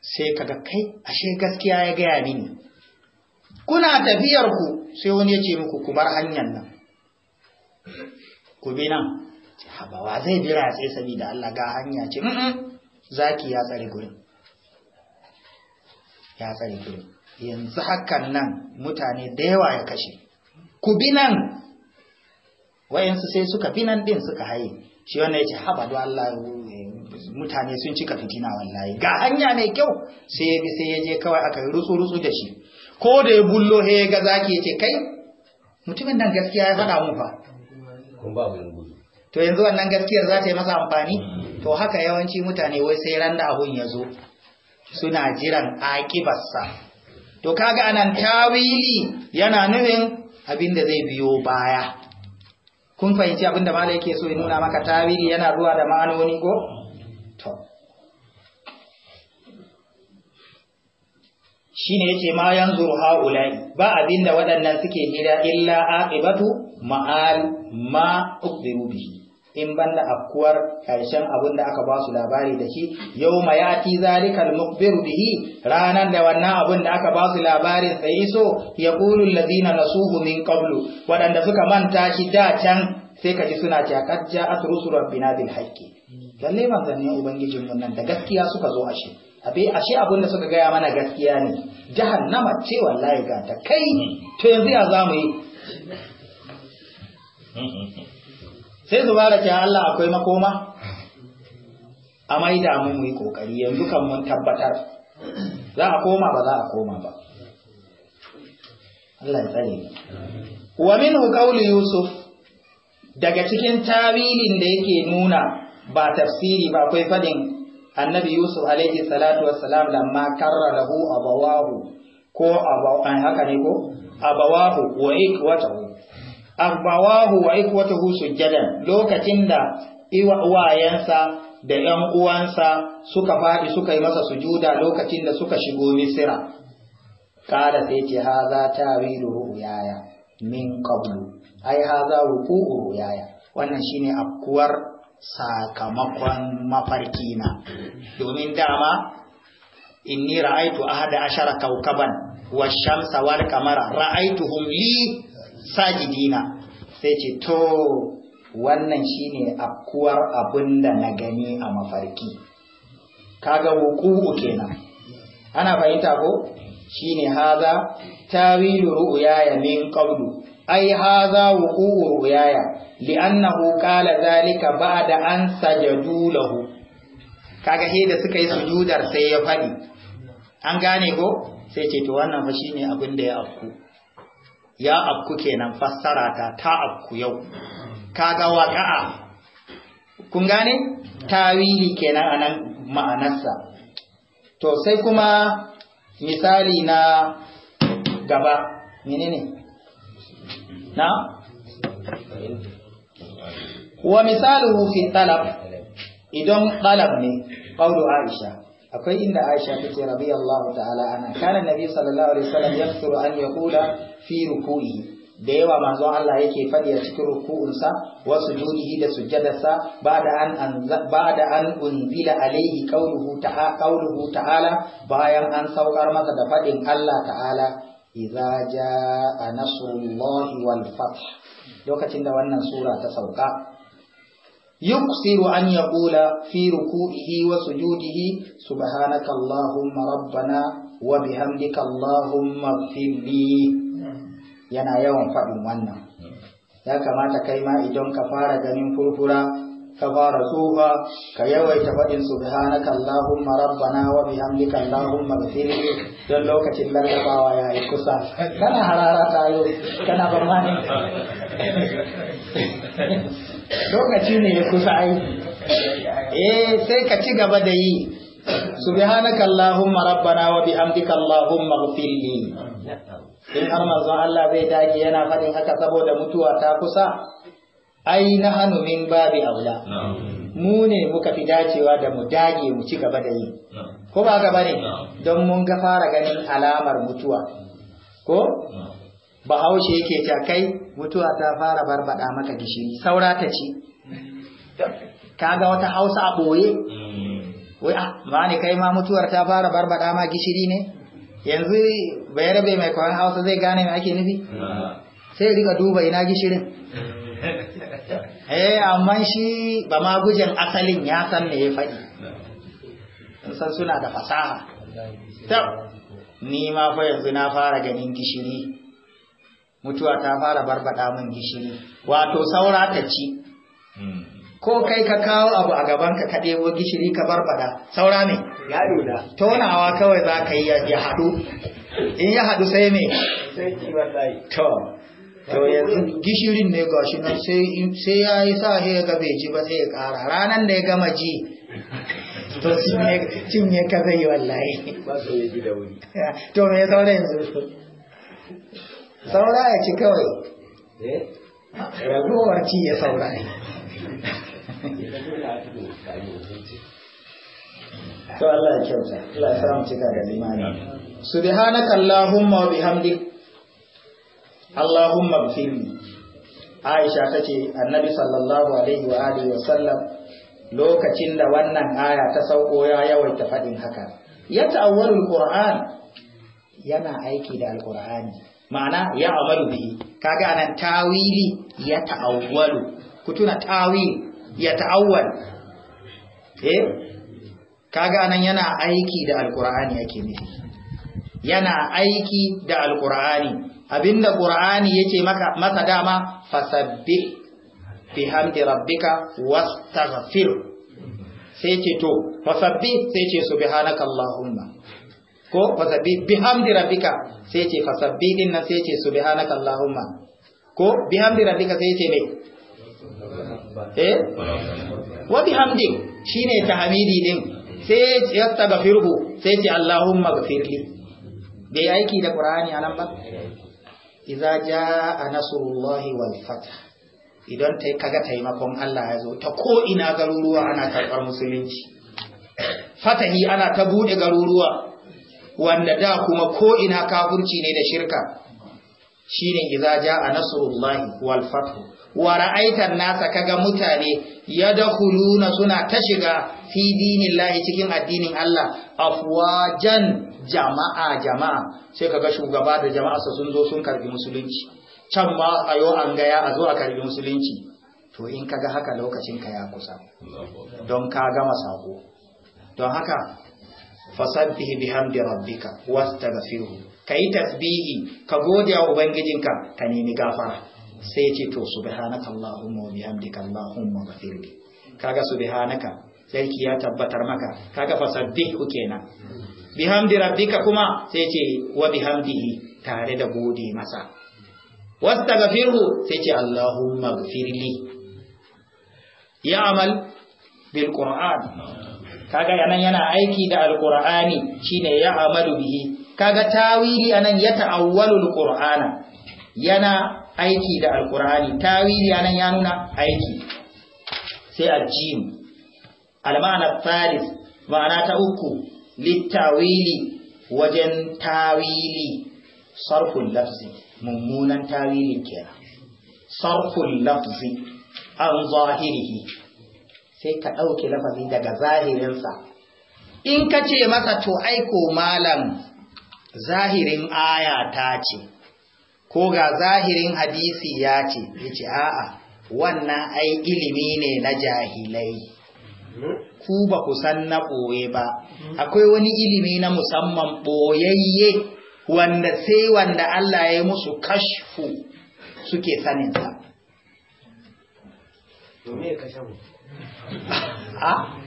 sai kaga kai ashe gaskiya ya gaya mini kuna tafiyar ku sai wani yace muku ku bar hanyar nan ku bi nan wa zai bi ratse saboda Allah ga hanya ce zaki ya tsare gurin ya tsare gurin yanzu hakan nan mutane da yawa ya kashe ku bi nan wayansu sai suka bi nan din suka haye shi wannan yace haba don Allah mutane sun cika fitina wallahi ga hanya mai kyau sai ya bi sai ya je kawai aka rutsu rutsu da shi ko da ya bullo he ga zaki yake kai mutumin nan gaskiya ya faɗa mu fa to yanzu wannan gaskiyar za ta yi masa amfani mm. to haka yawanci mutane wai sai ran da abun ya zo suna jiran aƙibarsa to kaga anan tawili yana nufin abin da zai biyo baya kun fahimci abin da yake so ya nuna maka tawili yana ruwa da ma'anoni ko shine yace ma yanzu haulai ba abin da waɗannan suke jira illa aqibatu ma'al ma uqdiru bihi in banda afkuwar karshen abin da aka ba su labari da shi yau ma ya zalikal mukbiru bihi ranar da wannan abin da aka ba su labarin sai so ya ƙulu lazina na suhu min qablu waɗanda suka manta shi da can sai ka ji suna ce a kajja asrusu rabbina bil haqqi lalle ubangijin nan da gaskiya suka zo a ashe ashe abin da suka gaya mana gaskiya ne jahannama ce wallahi ga ta kai to yanzu ya zamu yi sai zuwa da ce Allah akwai makoma a maida mun yi kokari yanzu kan mun tabbatar za a koma ba za a koma ba Allah ya tsare wa minhu qawli yusuf daga cikin tawilin da yake nuna ba tafsiri ba akwai fadin annabi yusuf alaihi salatu wassalam lamma karra lahu abawahu ko abawan eh, haka ne ko abawahu wa ikwatahu abawahu wa ikwatahu sujjadan lokacin da iwa uwayensa da ‘yan uwansa suka faɗi suka yi masa sujuda lokacin da suka shigo Misira, ƙada sai ce haza ta wilu yaya min qablu ai haza ruku'u yaya, wannan shi ne afkuwar sakamakon mafarki na domin dama inni ra'aitu ahada ashara kaukaban wa shamsa wal kamara ra'aituhum li sajidina sai ce to wannan shine akuwar abinda na gani a mafarki kaga wuku kenan ana fahimta ko shine haza tawilu ru'ya min qablu ai haza wuqu'u ru'yaya li'annahu kala zalika ba'da an sajadu lahu kaga he da suka yi sujudar sai ya faɗi? an gane ko sai ce to wannan fa shine abin da ya afku ya afku kenan fassara ta ta afku yau kaga waqa'a kun gane tawili kenan anan ma'anarsa to sai kuma misali na gaba menene na wa misaluhu fi talab idan talab ne qawlu aisha akwai inda aisha take radiyallahu ta'ala ana kana nabi sallallahu alaihi wasallam yakturu an yaqula fi ruku'i da yawa manzo Allah yake faɗi a cikin ruku'unsa wa sujudihi da sujjadarsa ba'da an ba'da an unzila alaihi qawluhu ta'ala qawluhu ta'ala bayan an saukar masa da faɗin Allah ta'ala idza a nasrullahi wal fath lokacin da wannan sura ta sauka yuksiru an yaqula fi ruku'ihi wa sujudihi subhanaka allahumma rabbana wa bihamdika allahumma ighfirli yana yawan faɗin wannan ya kamata kai ma idan ka fara ganin furfura ka fara تفد ka yawaita faɗin subhanaka اللهم rabbana wa bihamdika allahumma ghfirli don lokacin lallabawa ya yi kusa kana harara tayo kana bamani lokaci ne ya kusa ai eh sai ka ci gaba da yi in har manzon Allah bai dage yana faɗin haka saboda mutuwa ta kusa ai na hanumin min babi aula mu ne muka fi dacewa da mu dage mu ci gaba da yi ko ba gaba ne don mun ga fara ganin alamar mutuwa ko bahaushe yake ta kai mutuwa ta fara barbada maka gishiri saura ta ci kaga wata hausa a boye mm. wai a ah, ba ne kai ma mutuwar ta fara barbada ma gishiri ne yanzu bayarabe mai kwan hausa zai gane me ake nufi sai riga duba ina gishirin eh amma shi ba ma gujin asalin ya san me ya faɗi san suna da fasaha tab ni ma fa yanzu na fara ganin gishiri mutuwa ta fara barbada min gishiri wato saura ta ci ko kai ka kawo abu a gaban ka kaɗewo gishiri ka barbada saura ne ya lura tonawa kawai za ka yi ya haɗu in ya haɗu sai ne to gishirin ne gashi nan sai ya yi sa ya ga bai ji ba sai ya kara ranar da ya gama ji to cin ya ka wallahi to me saura yanzu saura ya ci kawai eh? ragowar ci ya saura to Allah ya kyauta Allah ya samu cika da limani wa bihamdika Allahumma gfirli Aisha ta ce annabi sallallahu alaihi wa alihi wa sallam lokacin da wannan aya ta sauko ya yawaita faɗin haka ya ta'awar alquran yana aiki da alqurani ma'ana ya amalu bihi kaga anan tawili ya ta'awwalu kutuna tawili ya ta'awar? eh kaga anan yana aiki da alqurani yake nufi yana aiki da alqurani abinda qur'ani yace maka masa dama fasabbih bihamdi rabbika wastaghfir sai ce to fasabbi sai ce subhanaka allahumma ko fasabbih bihamdi rabbika sai ce fasabbi din nan sai ce subhanaka allahumma ko bihamdi rabbika sai ce ne? eh wa bihamdi shine tahmidi din sai yastaghfiruhu sai ce allahumma ghfirli bai aiki da qur'ani anan ba idza a nasrullahi wal walfata idan yi kaga taimakon Allah ya zo ta ko ina garuruwa ana karɓar musulunci fatahi ana ta buɗe garuruwa wanda da kuma ko ina kafurci ne da shirka shine idza a nasrullahi wal fath Wara ra'aita nasa kaga mutane ya dakuluna suna ta shiga fi dinin lahi cikin addinin Allah Afuwajen jama'a jama'a sai ga shugaba da jama'a sun zo sun karbi musulunci can ba a yau an gaya a zo a karbi musulunci to in ka ga haka lokacin ka ya kusa don ka gama sako don haka fasabbihi bihamdi rabbika ka kai tasbihi ka gode wa ubangijinka ka nemi gafara sai ce to subhanaka allahumma wa bihamdika allahumma ghafirli kaga subhanaka sarki ya tabbatar maka kaga fasabbihu kenan bihamdi rabbika kuma sai ce wa bihamdihi tare da gode masa gafirhu sai ce allahumma ghafirli ya'mal bil qur'an kaga yanan yana aiki da alqur'ani shine ya'malu bihi Kaaga tawili anan yata awwal alqur'ana yana aiki da alkur'ani tawili anan ya nuna aiki sai ajim almana faris ma'ana ta uku littawili wajen tawili sarful lafzi mummunan tawili ke sarful lafzi an zahirihi sai ka ɗauke lafazi daga zahirinsa in ka ce masa to aiko malam zahirin aya ta ce ko ga zahirin hadisi ya ce yace a'a wannan ai ilimi ne na jahilai hmm? ku ba ku san na ɓoye ba akwai wani ilimi na musamman boyayye wanda sai wanda Allah ya yi musu kashfu suke saninsa [laughs] ah,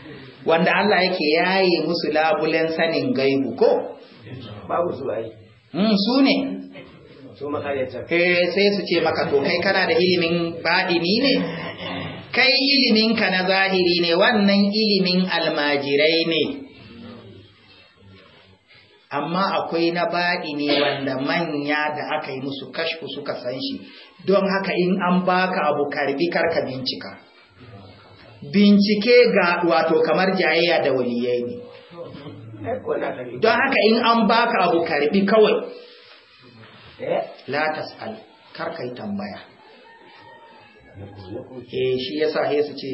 wanda Allah yake yaye musu labulen sanin gaibu ko babu su ai mun hmm, su ne eh sai su ce maka to kai kana da ilimin baɗini ne kai iliminka na zahiri ne wannan ilimin almajirai ne amma akwai na baɗi ne wanda manya da aka yi musu kashfu suka san shi don haka in an baka abu karbi karka bincika bincike ga wato kamar jayayya da waliyai ne don haka in an baka abu karbi kawai Eh, la tas'al kar kai tambaya eh shi yasa he su ce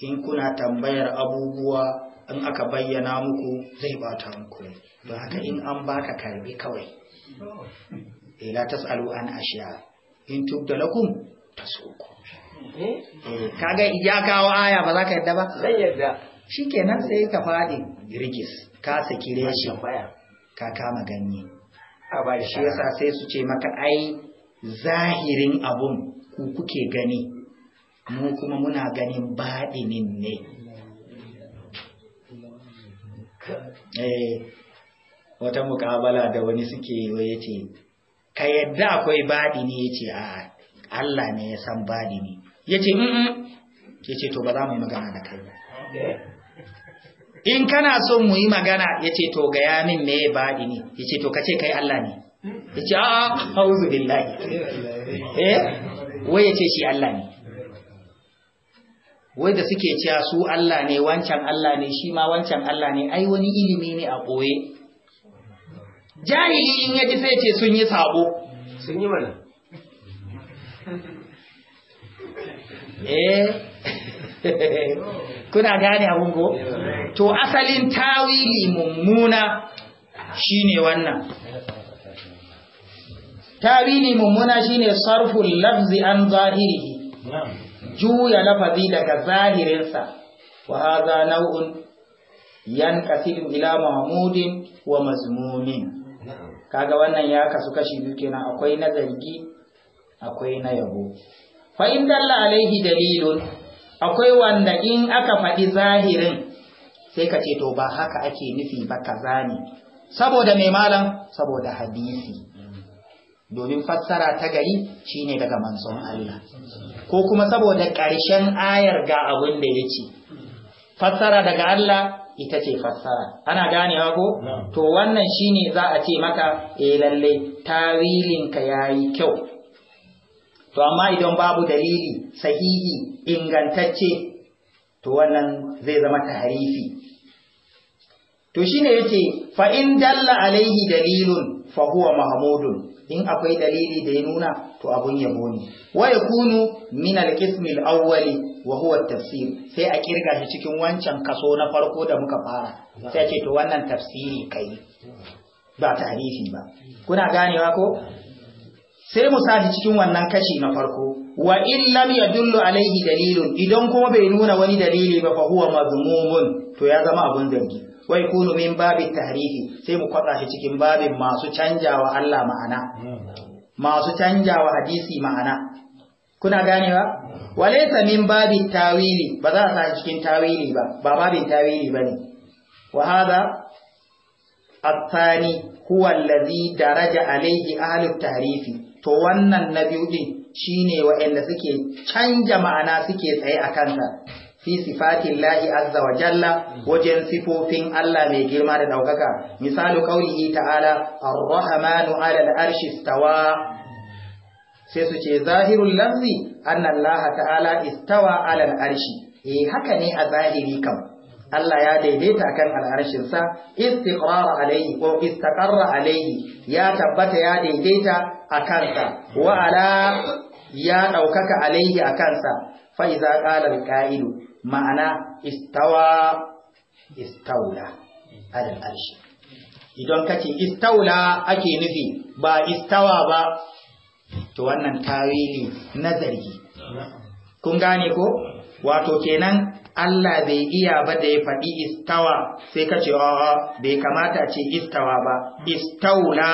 in kuna tambayar abubuwa in aka bayyana muku zai bata muku don haka in an baka karbi kawai eh la tas'alu an ashiya in tubda lakum tasuku eh, eh kaga ya kawo aya ba za ka yadda ba zan yadda shikenan sai ka fadi rigis ka saki reshi, ka kama ganye shi yasa sai su ce maka ai zahirin abun ku kuke gani mu kuma muna ganin baɗinin ne eh, wata mukabala da wani suke ya ce ka yadda akwai baɗini ya ce a Allah ne ya san baɗini ya ce ya ce to ba za mu yi magana da kai ba in kana so mu yi magana ya ce to gaya min me baɗi ne ya ce to ka ce kai Allah ne ya ce a hauzu billahi eh wai ya ce shi Allah ne wai da suke cewa su Allah ne wancan Allah ne shi ma wancan Allah ne ai wani ilimi ne a ɓoye jahili in ji sai ce sun yi sabo sun yi mana eh [laughs] kuna gane abun ko to asalin tawili mummuna shine wannan tawili mummuna shine sarful lafzi an zahirihi juya lafazi daga zahirinsa wa hadha naw'un yankasilu ila mahmudin wa mazmumin kaga wannan ya kasu kashi biyu kenan akwai na zargi akwai na yabo fa in dalla alaihi dalilun akwai wanda in aka faɗi zahirin sai ka ce to ba haka ake nufi ba kaza ne saboda mai malam saboda hadisi domin fassara ta gari shine daga manzon Allah ko kuma saboda ƙarshen ayar ga abin da ya ce fassara daga Allah ita ce fassara ana ganewa ko to wannan shine za a ce maka eh lalle ka yayi kyau to amma idan babu dalili sahihi ingantacce to wannan zai zama taharifi to shine yace fa in dalla alaihi dalilun fa huwa mahmudun in akwai dalili da ya nuna to abun yabo ne wa yakunu min al-qism al-awwali wa huwa tafsir sai a kirga shi cikin wancan kaso na farko da muka fara sai ce to wannan tafsiri kai ba tarihi ba kuna ganewa ko sai mu sa shi cikin wannan kashi na farko wa in lam yadullu alaihi dalilun idan kuma bai nuna wani dalili ba fa huwa mazmumun to ya zama abun zargi Wai yakunu min babi tahrifi sai mu kwada shi cikin babin masu canjawa Allah ma'ana masu canjawa hadisi ma'ana kuna ganewa walaysa min babi tawili ba za a sa shi cikin tawili ba ba babin tawili bane wa hada الثاني هو الذي درج عليه أهل التعريف to wannan na biyu din shine waɗanda suke canza ma'ana suke tsaye a kansa fi sifatin lahi azza jalla wajen sifofin Allah mai girma da ɗaukaka misalu qaulihi ta'ala ar-rahmanu 'ala al-arshi istawa sai su ce zahirul lafzi anna Allah ta'ala istawa 'ala arshi eh haka ne a zahiri kam Allah ya daidaita akan al'arshin sa istiqrara alayhi ko istaqarra alayhi ya tabbata ya daidaita akan sa wa ala ya daukaka alayhi akan sa fa iza qala ma'ana istawa istaula ala idan kace istaula ake nufi ba istawa ba to wannan tawili nazari kun gane ko wato kenan Allah bai iya ba da ya faɗi istawa sai ka ce wa bai kamata ce istawa ba istaula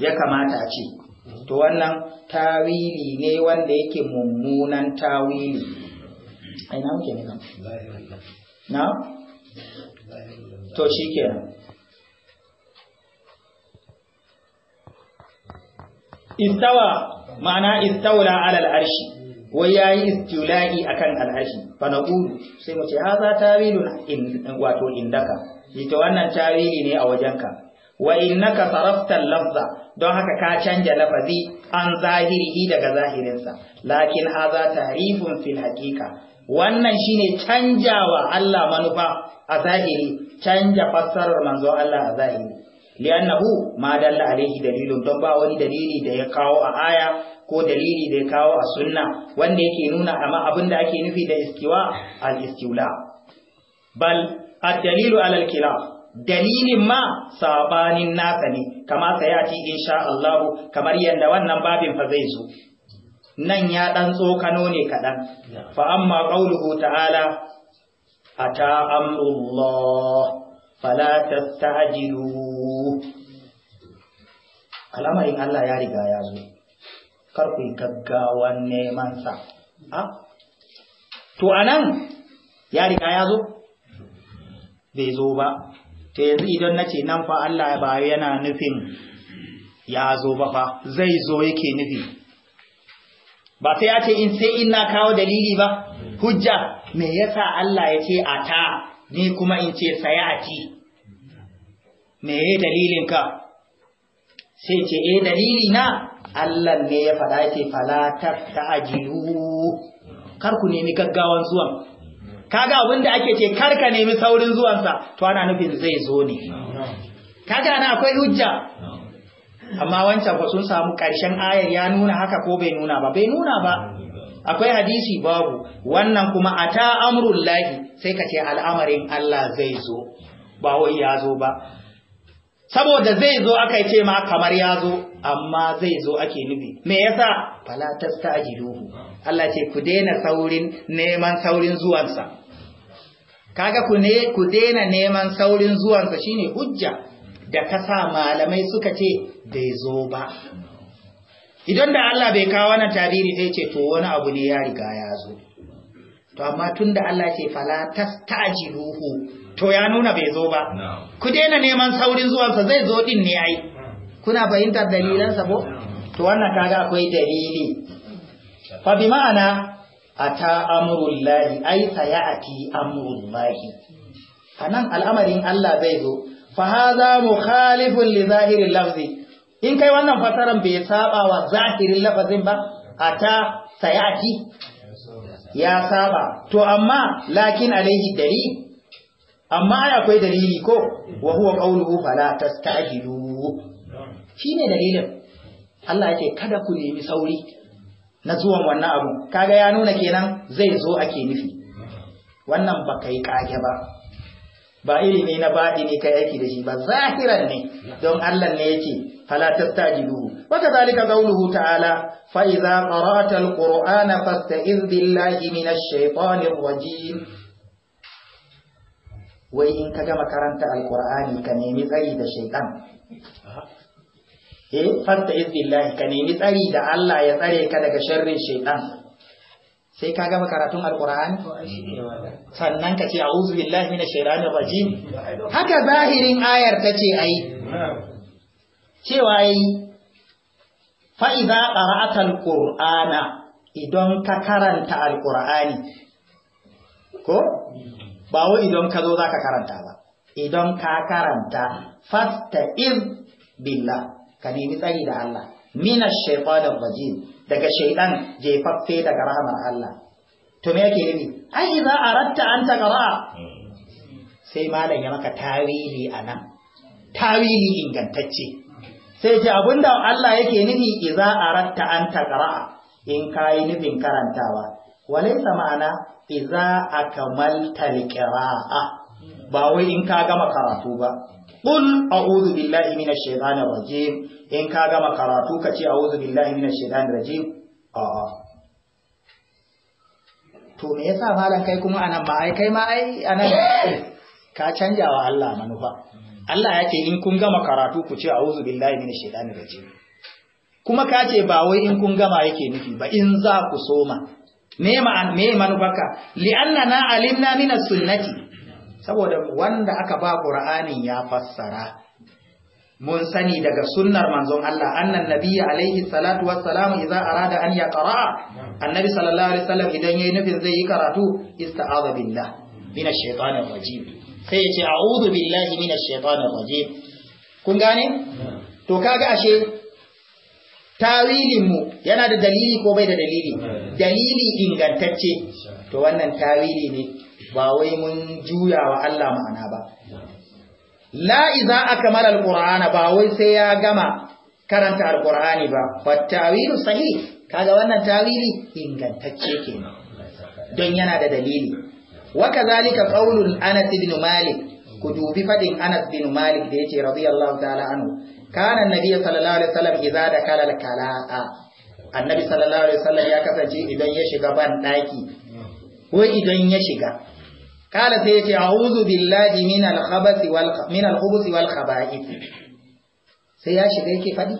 ya kamata ce to wannan tawili ne wanda yake mummunan tawili ai na muke ne na to shi kenan. istawa ma'ana istaula alal arshi wai yayi istila'i kan al'ashi fa naqulu sai mu ce hadha tawilun wato indaka ita wannan tawili ne a wajenka wa innaka sarafta lafza don haka ka canja lafazi an zahirihi daga zahirinsa lakin hadha tarifin fil haqiqa wannan shine canjawa Allah manufa a zahiri canja fassarar manzo Allah a zahiri li'annahu ma dalla Alayhi dalilun don ba wani dalili da ya kawo a aya ko dalili da ya kawo a sunna wanda yake nuna amma abin da ake nufi da istiwa al istiwla bal ad-dalilu ala al-khilaf dalilin ma sabanin nasa ne kama sayati insha Allah kamar yanda wannan babin fa zai zo nan ya dan tsokano ne kadan fa amma qauluhu ta'ala ata amrullah fala tastajilu al'amarin Allah ya riga ya zo kar ku gaggawan neman sa ah, a to anan ya riga ya zo bai zo ba Ta yanzu idan nace nan fa Allah ba yana nufin ya zo ba fa zai zo yake nufi ba sai ya ce in sai in na kawo dalili ba hujja me yasa Allah ya ce ata ni kuma in ce sayati me dalilin ka sai ce eh dalili na Allah ne ya faɗa ce fala ajiyu kar ku nemi gaggawan zuwan kaga abin da ake ce kar ka nemi saurin zuwansa to ana nufin zai zo ne kaga ana akwai hujja amma wancan ba sun samu ƙarshen ayar ya nuna haka ko bai nuna ba bai nuna ba akwai hadisi babu wannan kuma ata amrul lahi sai ka ce al'amarin Allah zai zo ba wai ya zo ba saboda zai zo aka ce ma kamar ya zo amma zai zo ake nufi me yasa fala tastajiluhu Allah ce ku daina saurin neman saurin zuwansa kaga ku ne ku daina neman saurin zuwansa shine hujja da kasa malamai suka ce bai zo ba idan da Allah bai kawo wannan tabiri sai ce to wani abu ne ya riga ya zo to amma tunda Allah ce fala tastajiluhu to ya nuna bai zo ba ku daina neman saurin zuwansa zai zo din ne ai kuna fahimtar dalilansa ko to wannan kaga akwai dalili fa bi ma'ana ata amrullahi ay sayati amrullahi anan al'amarin Allah zai zo fa hadha mukhalifun li zahiril lafzi in kai wannan fasaran bai saba wa zahirin lafazin ba ata sayati ya saba to amma lakin alaihi dalil amma ai akwai dalili ko wa huwa qawluhu fala tastajilu shine dalilin Allah yake kada ku nemi sauri na zuwan wannan abu kaga ya nuna kenan zai zo ake nufi wannan ba kai kage ba ba ilimi na baɗi ne kai aiki da shi ba zahiran ne don Allah ne yake fala tastajilu wa kadhalika qawluhu ta'ala fa idza qara'ta al-qur'ana fasta'iz billahi minash shaitanir rajim wai in ka gama karanta alkur'ani ka nemi tsari da shaitan eh fanta izbillahi ka nemi tsari da Allah ya tsare ka daga sharrin shaitan sai ka gama karatun alkur'ani sannan ka ce a'udhu billahi minash shaitanir rajim haka zahirin ayar ta tace ai cewa ai fa idza qara'ata alqur'ana idan ka karanta alkur'ani ko ba wai idan ka zo za ka karanta ba idan ka karanta fasta iz billah ka nemi tsari da Allah mina da rajim daga shaidan jefaffe daga rahamar Allah to me yake nufi ai za a ratta an gaba sai malam ya maka tarihi a nan tarihi ingantacce sai ce abinda Allah yake nufi za a ratta an ta in ka yi nufin karantawa walaisa ma'ana iza akamaltal likiraa? ba wai in ka gama karatu ba qul a'udhu billahi minash shaitanir rajim in ka gama karatu ka ce a'udhu billahi minash shaitanir rajim a to me yasa malan kai kuma anan ba ai kai ma ai anan [coughs] ka canja wa Allah manufa Allah ya ce in kun gama karatu ku ce a'udhu billahi minash shaitanir rajim kuma ka ce ba wai in kun gama yake nufi ba in za ku soma me ma'an me manufarka li'annana alimna min as-sunnati saboda wanda aka ba qur'anin ya fassara mun sani daga sunnar manzon Allah annan nabiyyi alaihi salatu wassalam idza arada an yaqra annabi sallallahu alaihi wasallam idan yayi nufin zai yi karatu ista'aza billah min ash-shaytanir rajim sai ya ce a'udhu billahi min ash rajim kun gane to kaga ashe tawilinmu yana da dalili ko bai da dalili dalili ingantacce to wannan tawili ne ba wai mun juya wa Allah ma'ana ba la iza akmala alqur'ana ba wai sai ya gama karanta alqur'ani ba fa tawilu sahih kaga wannan tawili ingantacce kenan don yana da dalili wa kadhalika qaulul Anas ibn Malik ku dubi fadin Anas bin Malik da yake radiyallahu ta'ala anhu kana nabi sallallahu alaihi wasallam idza dakala al-kala'a annabi sallallahu alaihi wasallam ya kasance idan ya shiga ban ko idan ya shiga kala sai yace a'udhu billahi min al-khabathi wal min al-khubuthi wal khaba'ith sai ya shiga yake fadi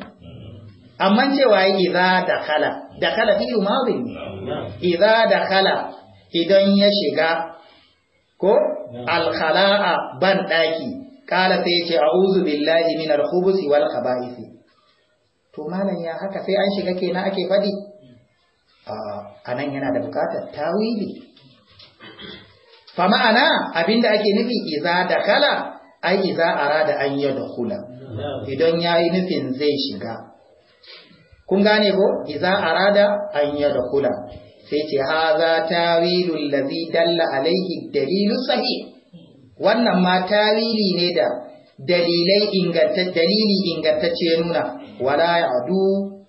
amma cewa idza dakala dakala idan ya shiga ko kala sai yace a'udhu billahi minar khubuthi wal to malam ya haka sai an shiga kenan ake fadi a nan yana da bukatar tawili fa ma'ana abinda ake nufi idza kala, ai idza arada an yadkhula idan yayi nufin zai shiga kun gane ko idza arada an yadkhula sai ce haza tawilul ladhi dalla alaihi dalilu sahih wannan ma tarihi ne da dalilai inganta dalili ingantacce ya nuna wala ya'du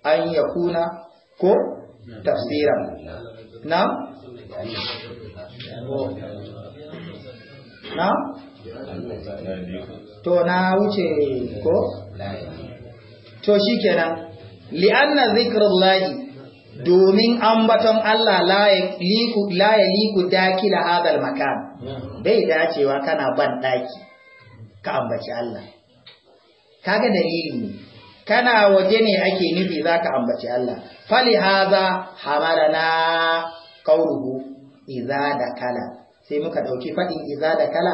an yakuna ko tafsiran na na to na wuce ko to shikenan anna zikrullahi domin ambaton Allah la ya liku dakila hadal makan bai dacewa kana ban daki ka ambaci Allah kaga dalili ne kana waje ne ake nufi zaka ambaci Allah fali hadha hamarana qawluhu idza dakala sai muka dauki fadin idza dakala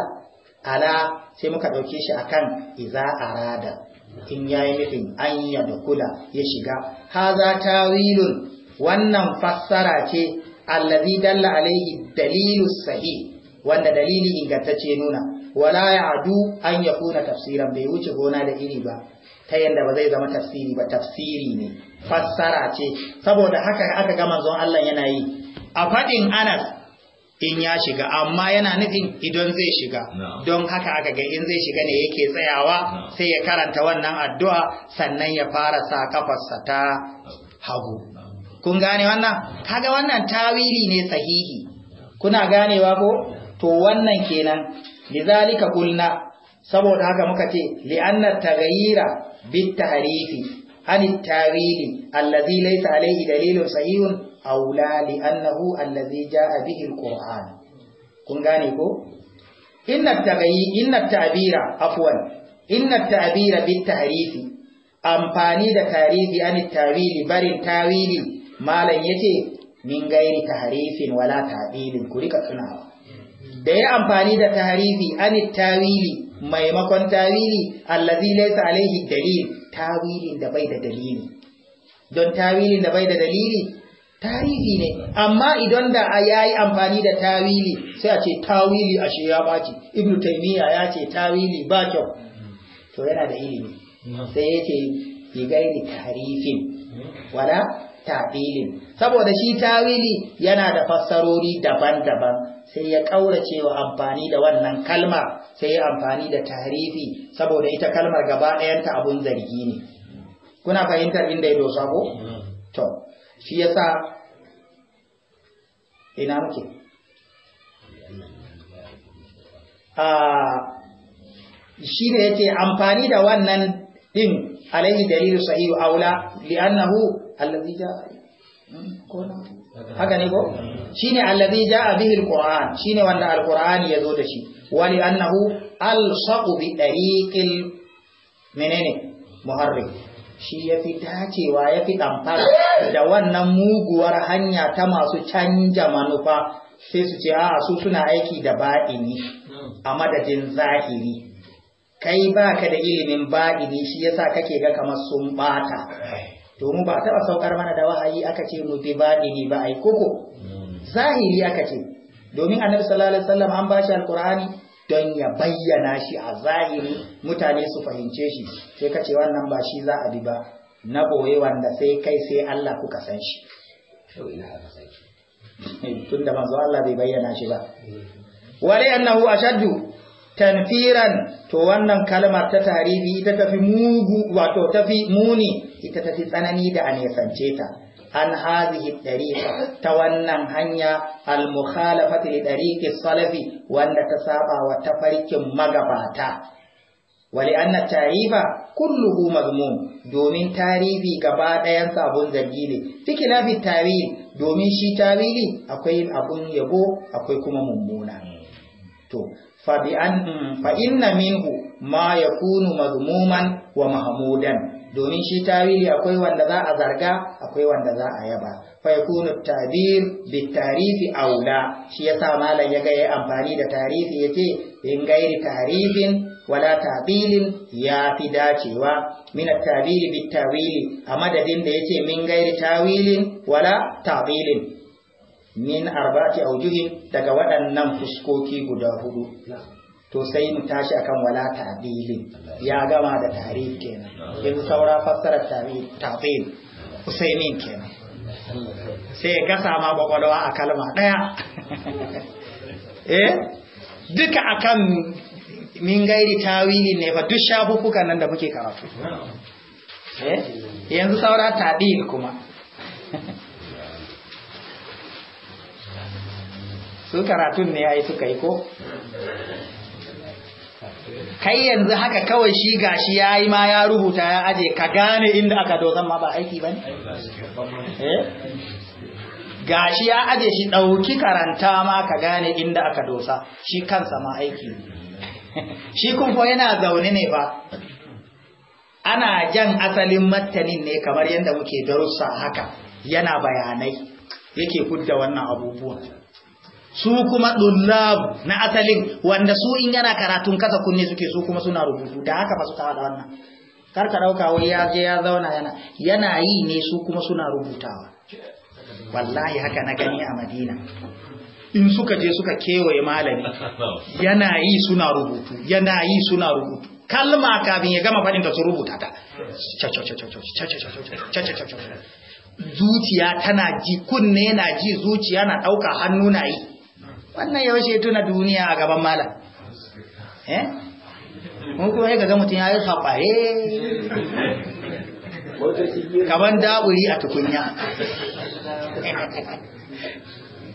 ala sai muka dauke shi akan idza arada in yayi nufin an ya dakula ya shiga hadha tawilun wannan fassara ce allazi dalla alaihi dalilu sahih wanda dalili ingantacce nuna wala ya'du an ya yakuna tafsiran bai wuce gona da iri ba ta yanda ba zai zama tafsiri ba tafsiri ne fassara ce saboda haka aka ga manzon Allah yana yi a fadin Anas in ya shiga amma yana nufin idan zai shiga don haka aka ga in zai shiga ne yake tsayawa sai ya karanta wannan addu'a sannan ya fara sa kafarsa ta hagu kun gane wannan kaga wannan tawili ne sahihi kuna ganewa ko to wannan kenan lidhalika qulna saboda haka muka ce li'anna taghayyira bit tahrifi an tawili allazi laysa alayhi dalilun sahihun aula li'annahu allazi jaa bihi alquran kun gane ko inna tagayyi inna ta'bira afwan inna ta'bira bit tahrifi amfani da tarihi an tawili barin tawili malam yace min gairi taharifin wala ta'dilin ku rika tunawa da ya amfani da taharifi anit tawili maimakon tawili allazi laysa alaihi dalil tawilin da bai da dalili don tawilin da bai da dalili tarihi ne amma idan da yayi amfani da tawili sai a ce tawili ashe ya baci ibnu taymiya ya ce tawili ba kyau to yana da ilimi sai yace yi gairi tarifin wala Tafilin. saboda shi tawili yana da fassarori daban-daban sai ya kaurace wa amfani da wannan kalma sai ya amfani da tarifi saboda ita kalmar gaba ɗayanta abun zargi ne kuna fahimtar inda ya dosa ko to shi yasa ina muke a shi ne yake amfani da wannan din alaihi dalilu sahihu aula li'annahu allazi ja'a hmm, ko ne ko shine ja'a bihi alquran shine wanda alqurani yazo da shi wali annahu alsaqu bi tariqil menene muharrik shi ya fi dacewa ya fi da wannan muguwar hanya ta masu canja manufa sai su ce a su suna aiki da ba'ini a madadin zahiri kai ba ka da ilimin ba'ini shi yasa kake ga kamar sun ɓata domin ba a taɓa saukar mana da wahayi aka ce mu bi baɗini ba ai koko zahiri aka ce domin annabi sallallahu alaihi wasallam an bashi alqur'ani don ya bayyana shi a zahiri mutane su fahimce shi sai ka ce wannan ba shi za a bi ba na boye wanda sai kai sai Allah kuka san shi [laughs] tun da manzo Allah bai bayyana shi ba wale annahu ashaddu tanfiran to wannan kalmar ta tarihi ita tafi mugu wato tafi muni ita fi tsanani da a nesance ta an hazihi dariqa ta wannan hanya al mukhalafati li dariqi salafi wanda ta saba wa tafarkin magabata wali anna tarifa kulluhu mazmum domin tarifi gaba ɗayan sabon zargi ne fikilafi tawil domin shi tawili akwai abun yabo akwai kuma mummuna to fa bi an fa inna minhu ma yakunu mazmuman wa mahmudan domin shi tawili akwai wanda za a zarga akwai wanda za a yaba yakunu tabir bitarifi aula shi yasa malam ya ga yayi amfani da tarifi yace in gairi tarifin wala tabilin ya fi dacewa min tabiri bitawili a madadin da yace min gairi tawilin wala tabilin min arba'ati awjuhin daga waɗannan fuskoki guda hudu to sai mu tashi akan wala ta'dili ya gama da tarihi kenan yanzu saura fassarar tarihi ta'dil usaimin kenan sai ga sama ma a kalma daya [laughs] eh duka akan min gairi tawili ne ba duk shafukukan nan da muke karatu eh yanzu saura ta'dil kuma [laughs] su karatun ne ai suka yi ko kai yanzu haka kawai shi gashi ya yi ma ya rubuta ya aje ka gane inda aka dozan ma ba aiki ba ne? Eh? gashi ya aje shi ɗauki karanta ma ka gane inda aka dosa shi kansa ma aiki [laughs] shi fa yana zaune ne ba ana jan asalin mattanin ne kamar yadda muke darussa haka yana bayanai yake kudda wannan abubuwan su kuma dullab na asalin wanda su in yana karatun kasa kunne suke su kuma suna rubutu da haka ba su ta da wannan kar ka dauka wai ya je ya zauna yana yana yi ne su kuma suna rubutawa wallahi haka na gani a Madina in suka je suka kewaye malami yana yi suna rubutu yana yi suna rubutu kalma kafin ya gama faɗin da su rubuta ta zuciya tana ji kunne na ji zuciya na dauka hannu na yi wannan yaushe tuna duniya a gaban malam eh mun kuma ya ga mutum ya yi haɓare kaman daburi a tukunya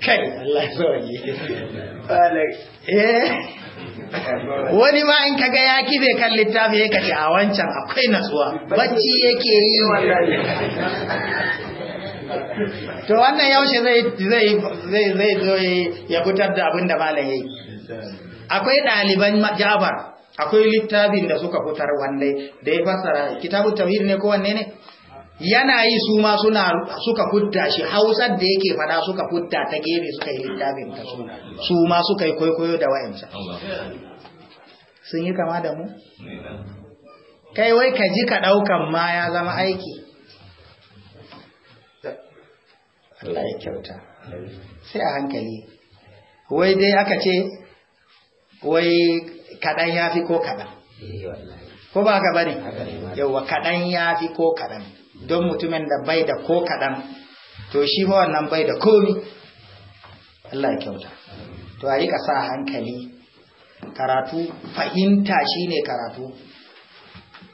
kai Allah sauye eh? wani ma in kaga ya kibe kan littafi ya kace a wancan akwai natsuwa bacci yake yi to wannan yaushe zai zai zai zo ya fitar da abin da malam yayi akwai ɗaliban jabar akwai littafin da suka fitar wanne da ya fassara kitabu tawhid ne ko wanne ne yana yi su ma suna suka fudda shi hausar da yake fada suka fudda ta gefe suka yi littafin ta su su ma suka yi kwaikwayo da wayansa sun yi kama da mu kai wai ka ji ka ɗaukan ma ya zama aiki Allah ya kyauta sai a hankali wai dai aka ce wai kaɗan ya fi ko kaɗan eh, ko ba ka bari? yauwa kaɗan ya fi ko kaɗan don mutumin da bai da ko kaɗan to shi ma wannan bai da komi Allah ya kyauta to a rika sa hankali karatu fahimta shine karatu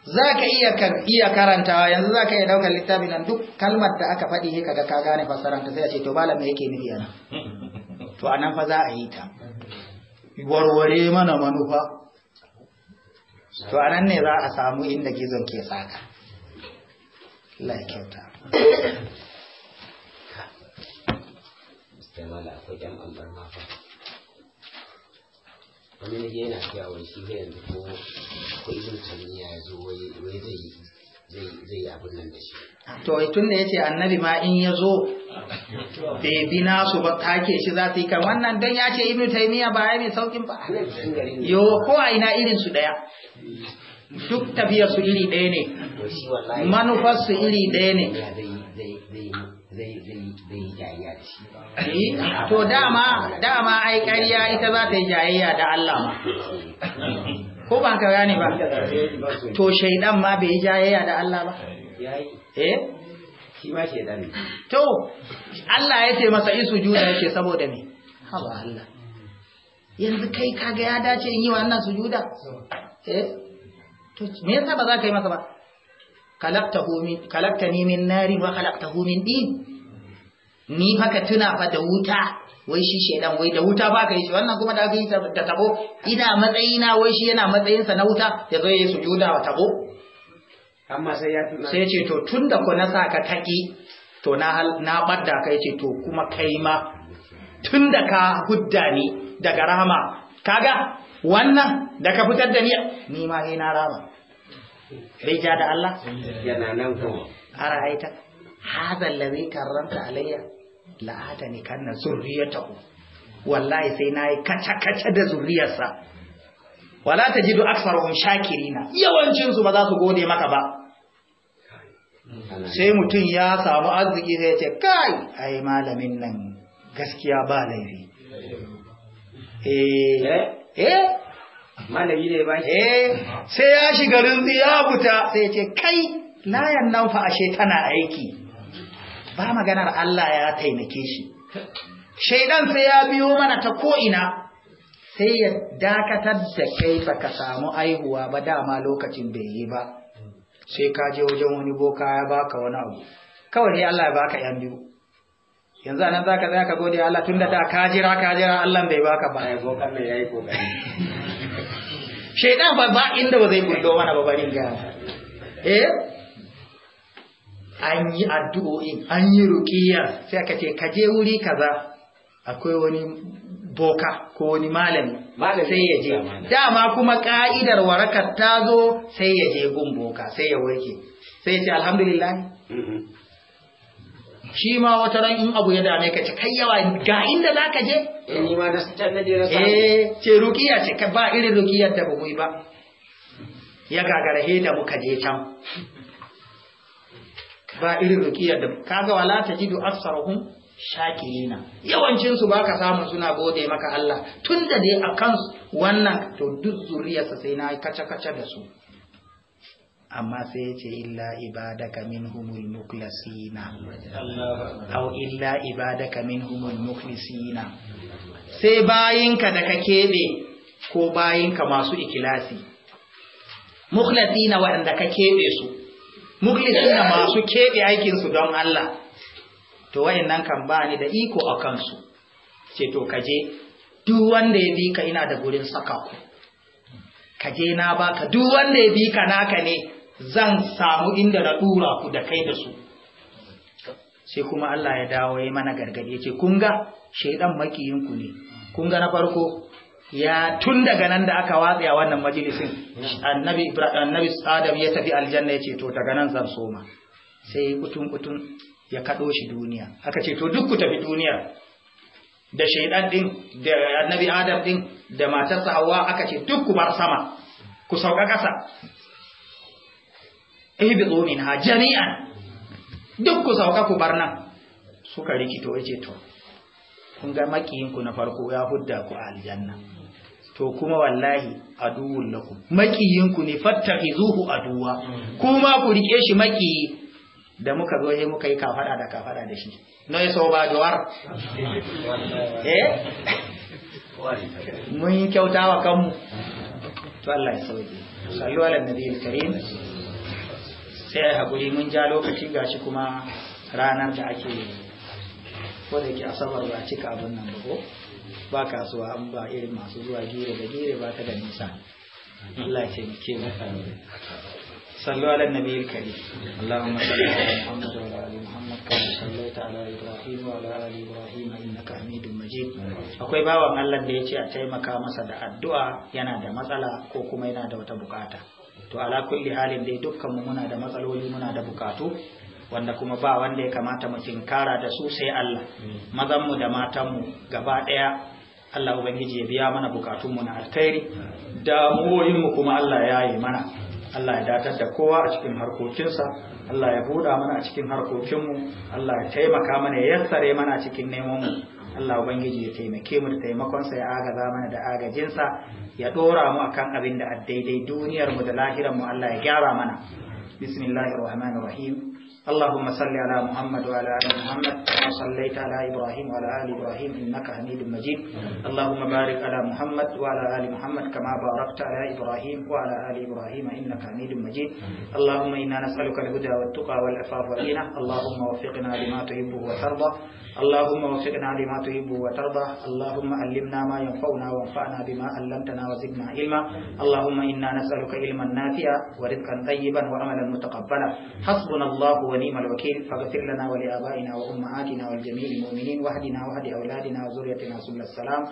za ka iya karantawa yanzu za ka iya daukar littafin nan duk kalmar da aka faɗi haka kaga ka gane fassaranta sai a ce to malam me yake nufi yana [laughs] to anan fa za a yi ta warware mana manufa to anan ne za a samu inda gizon ke tsaka Allah ya kyauta akwai ɗan ambar mafa. wani ne yana cewa wani shi ne yanzu ko ko ibn tamiya ya zo wai zai zai yi abin nan da shi to tun da yace annabi ma in ya zo bai bi nasu ba take shi za su yi kan wannan don ya ce ibnu taymiya ba ya mai saukin ba yo ko a ina irin su daya duk tafiyar su iri daya ne manufar su iri daya ne zai jayayya da shi eh, to dama dama ai ƙarya ita za ta yi jayayya da Allah ma ko ban ka gane ba to shaidan ma bai yi jayayya da Allah ba eh shi ma shaidan to Allah ya ce masa isu juda yake saboda me haba Allah yanzu kai kaga ya dace in yi wannan sujuda eh to me yasa ba za ka yi masa ba kalabta ni min nari wa kalabta min din ni haka tuna fa da wuta wai shi shedan wai da wuta ba ka yi shi wannan kuma da yi da tabo ina matsayina wai shi yana matsayinsa na wuta ya zo ya yi sujuda wa tabo amma sai ya tuna sai ce to tunda ko na saka taƙi, to na na badda kai ce to kuma kai ma tunda ka hudda ni daga rahama kaga wannan da ka fitar da ni ni ma ina na rama bai ja da Allah yana nan kuma ara aita hadha allazi karanta alayya la atani ta ku. wallahi sai nayi kaca kaca da zurriyarsa wala ta tajidu aktharuhum shakirina yawancin su ba za su gode maka ba sai mutum ya samu arziki sai ya ce kai ai malamin nan gaskiya ba laifi eh eh, eh? malami ne ba shi eh sai ya shiga rinzi ya buta sai ce kai layan nan fa ashe tana aiki ba maganar Allah ya taimake shi shaidan sai ya biyo mana ta ko'ina. sai ya dakatar da kai baka samu aihuwa ba dama lokacin bai yi ba sai ka je wajen wani boka ya baka wani abu kawai ne Allah ya baka yan biyu yanzu anan ka zai ka gode Allah tunda da ka jira ka jira Allah bai baka ba ya Mai ya yi kokari [laughs] shaidan ba ba inda ba zai kullo mana ba barin gara eh an yi addu'o'in an yi ruqiyya sai aka ce ka je wuri kaza akwai wani boka ko wani malami sai ya je dama kuma ka'idar warakar ta zo sai ya je gun boka sai ya warke sai ya ce alhamdulillah mm-hmm. shi ma wata ran in abu ya dame ka ce kai yawa ga inda za ka je eh, ni ma da na je na eh, ce rukiya ce ka ba irin rukiya da bugu ba ya he da muka je can ba irin rukiya da ga wala ta tajidu shaƙi shakirina yawancin su baka samu suna gode maka Allah tunda dai akan wannan to duk zuriyarsa sai na kaca kace da su amma sai ce illa ibadaka minhumul muklasina au illa ibadaka minhumul muklisina sai bayinka da ka keɓe ko bayinka masu ikilasi muklasina waɗanda ka keɓe su muklisina masu keɓe aikinsu don Allah to nan kan ba ni da iko a kansu ce to kaje duk wanda ya bi ka ina da gurin saka ku kaje na baka duk wanda ya bi ka naka ne zan samu inda na dura ku da kai da su sai kuma Allah ya dawo ya mana gargadi yace kun ga shaydan makiyin ku ne kun ga na farko ya tun daga nan da aka watsa a wannan majalisin annabi Ibrahim, annabi Adam ya tafi aljanna yace to daga nan zan soma sai kutun kutun ya kado shi duniya aka ce to duk ku tafi duniya da shaidan din da annabi adam din da matarsa hawa aka ce duk ku bar sama ku sauka kasa ihbitu minha jami'an duk ku sauka ku barna suka rikito yace to kun ga makiyin ku na farko ya hudda ku a aljanna to kuma wallahi aduwwul lakum makiyin ku ne fattahizuhu aduwa kuma ku rike shi maki da muka zo sai muka yi kafara da kafara da shi no yaso ba jawar [laughs] eh [laughs] mun kyautawa kanmu to Allah ya sauke sallu ala nabiyil karim sai a haƙuri mun ja lokaci gashi kuma ranar da ake ko da ke asabar ba cika abin nan ko ba kasuwa an ba irin masu zuwa gire da gire ba ta da nisa Allah ce ke maka sallu ala nabi kari Allahumma salli ala Muhammad wa ala ali Muhammad kama sallaita ala Ibrahim wa ala ali Ibrahim innaka Hamidum Majid akwai bawan Allah da yace a taimaka masa da addu'a yana da matsala ko kuma yana da wata bukata to ala kulli halin dai dukkanmu muna da matsaloli muna da bukatu wanda kuma ba wanda ya kamata mu tinkara da su sai Allah hmm. mazanmu da matanmu gaba ɗaya Allah ubangiji ya biya mana bukatun mu na alkhairi hmm. Da mu kuma Allah ya yi mana Allah ya datar da kowa a cikin harkokinsa Allah ya buɗa mana a cikin mu Allah ya taimaka mana ya yassare mana cikin neman mu Allah ubangiji ya taimake mu da taimakonsa ya agaza mana da agajinsa ya dora mu akan abin da daidai duniyar mu da lahirar mu Allah ya gyara mana bismillahir rahmanir rahim اللهم صل على محمد وعلى ال محمد كما صليت على ابراهيم وعلى ال ابراهيم انك حميد مجيد اللهم بارك على محمد وعلى ال محمد كما باركت على ابراهيم وعلى ال ابراهيم انك حميد مجيد اللهم انا نسالك الهدى والتقى والعفاف والغنى اللهم وفقنا لما تحب وترضى اللهم وفقنا لما تحب وترضى اللهم علمنا ما ينفعنا وانفعنا بما علمتنا وزدنا علما اللهم إنا نسألك علما نافعا ورزقا طيبا وعملا متقبلا حسبنا الله ونعم الوكيل فاغفر لنا ولآبائنا وأمهاتنا والجميع المؤمنين وحدنا وحد أولادنا وذريتنا سبل السلام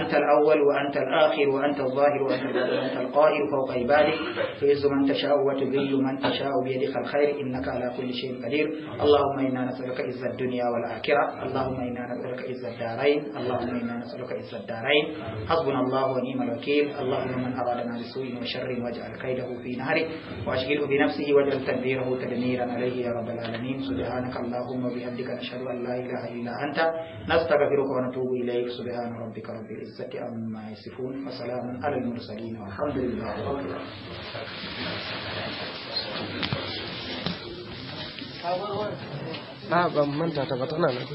أنت الأول وأنت الآخر وأنت الظاهر وأنت, وأنت القائل فوق عبادك تعز من تشاء وتذل من تشاء بيدك الخير إنك على كل شيء قدير اللهم إنا نسألك عز الدنيا والآخرة اللهم إنا نسألك عز الدارين اللهم إنا نسألك عز الدارين حسبنا الله ونعم الوكيل اللهم من أرادنا بسوء وشر واجعل كيده في نهره وأشغله بنفسه واجعل تدبيره تدميرا عليه يا رب العالمين سبحانك اللهم وبحمدك نشهد أن لا إله إلا أنت نستغفرك ونتوب إليك سبحان ربك رب العزة عما يصفون وسلام على المرسلين والحمد لله رب العالمين ban manta ta ba tana nan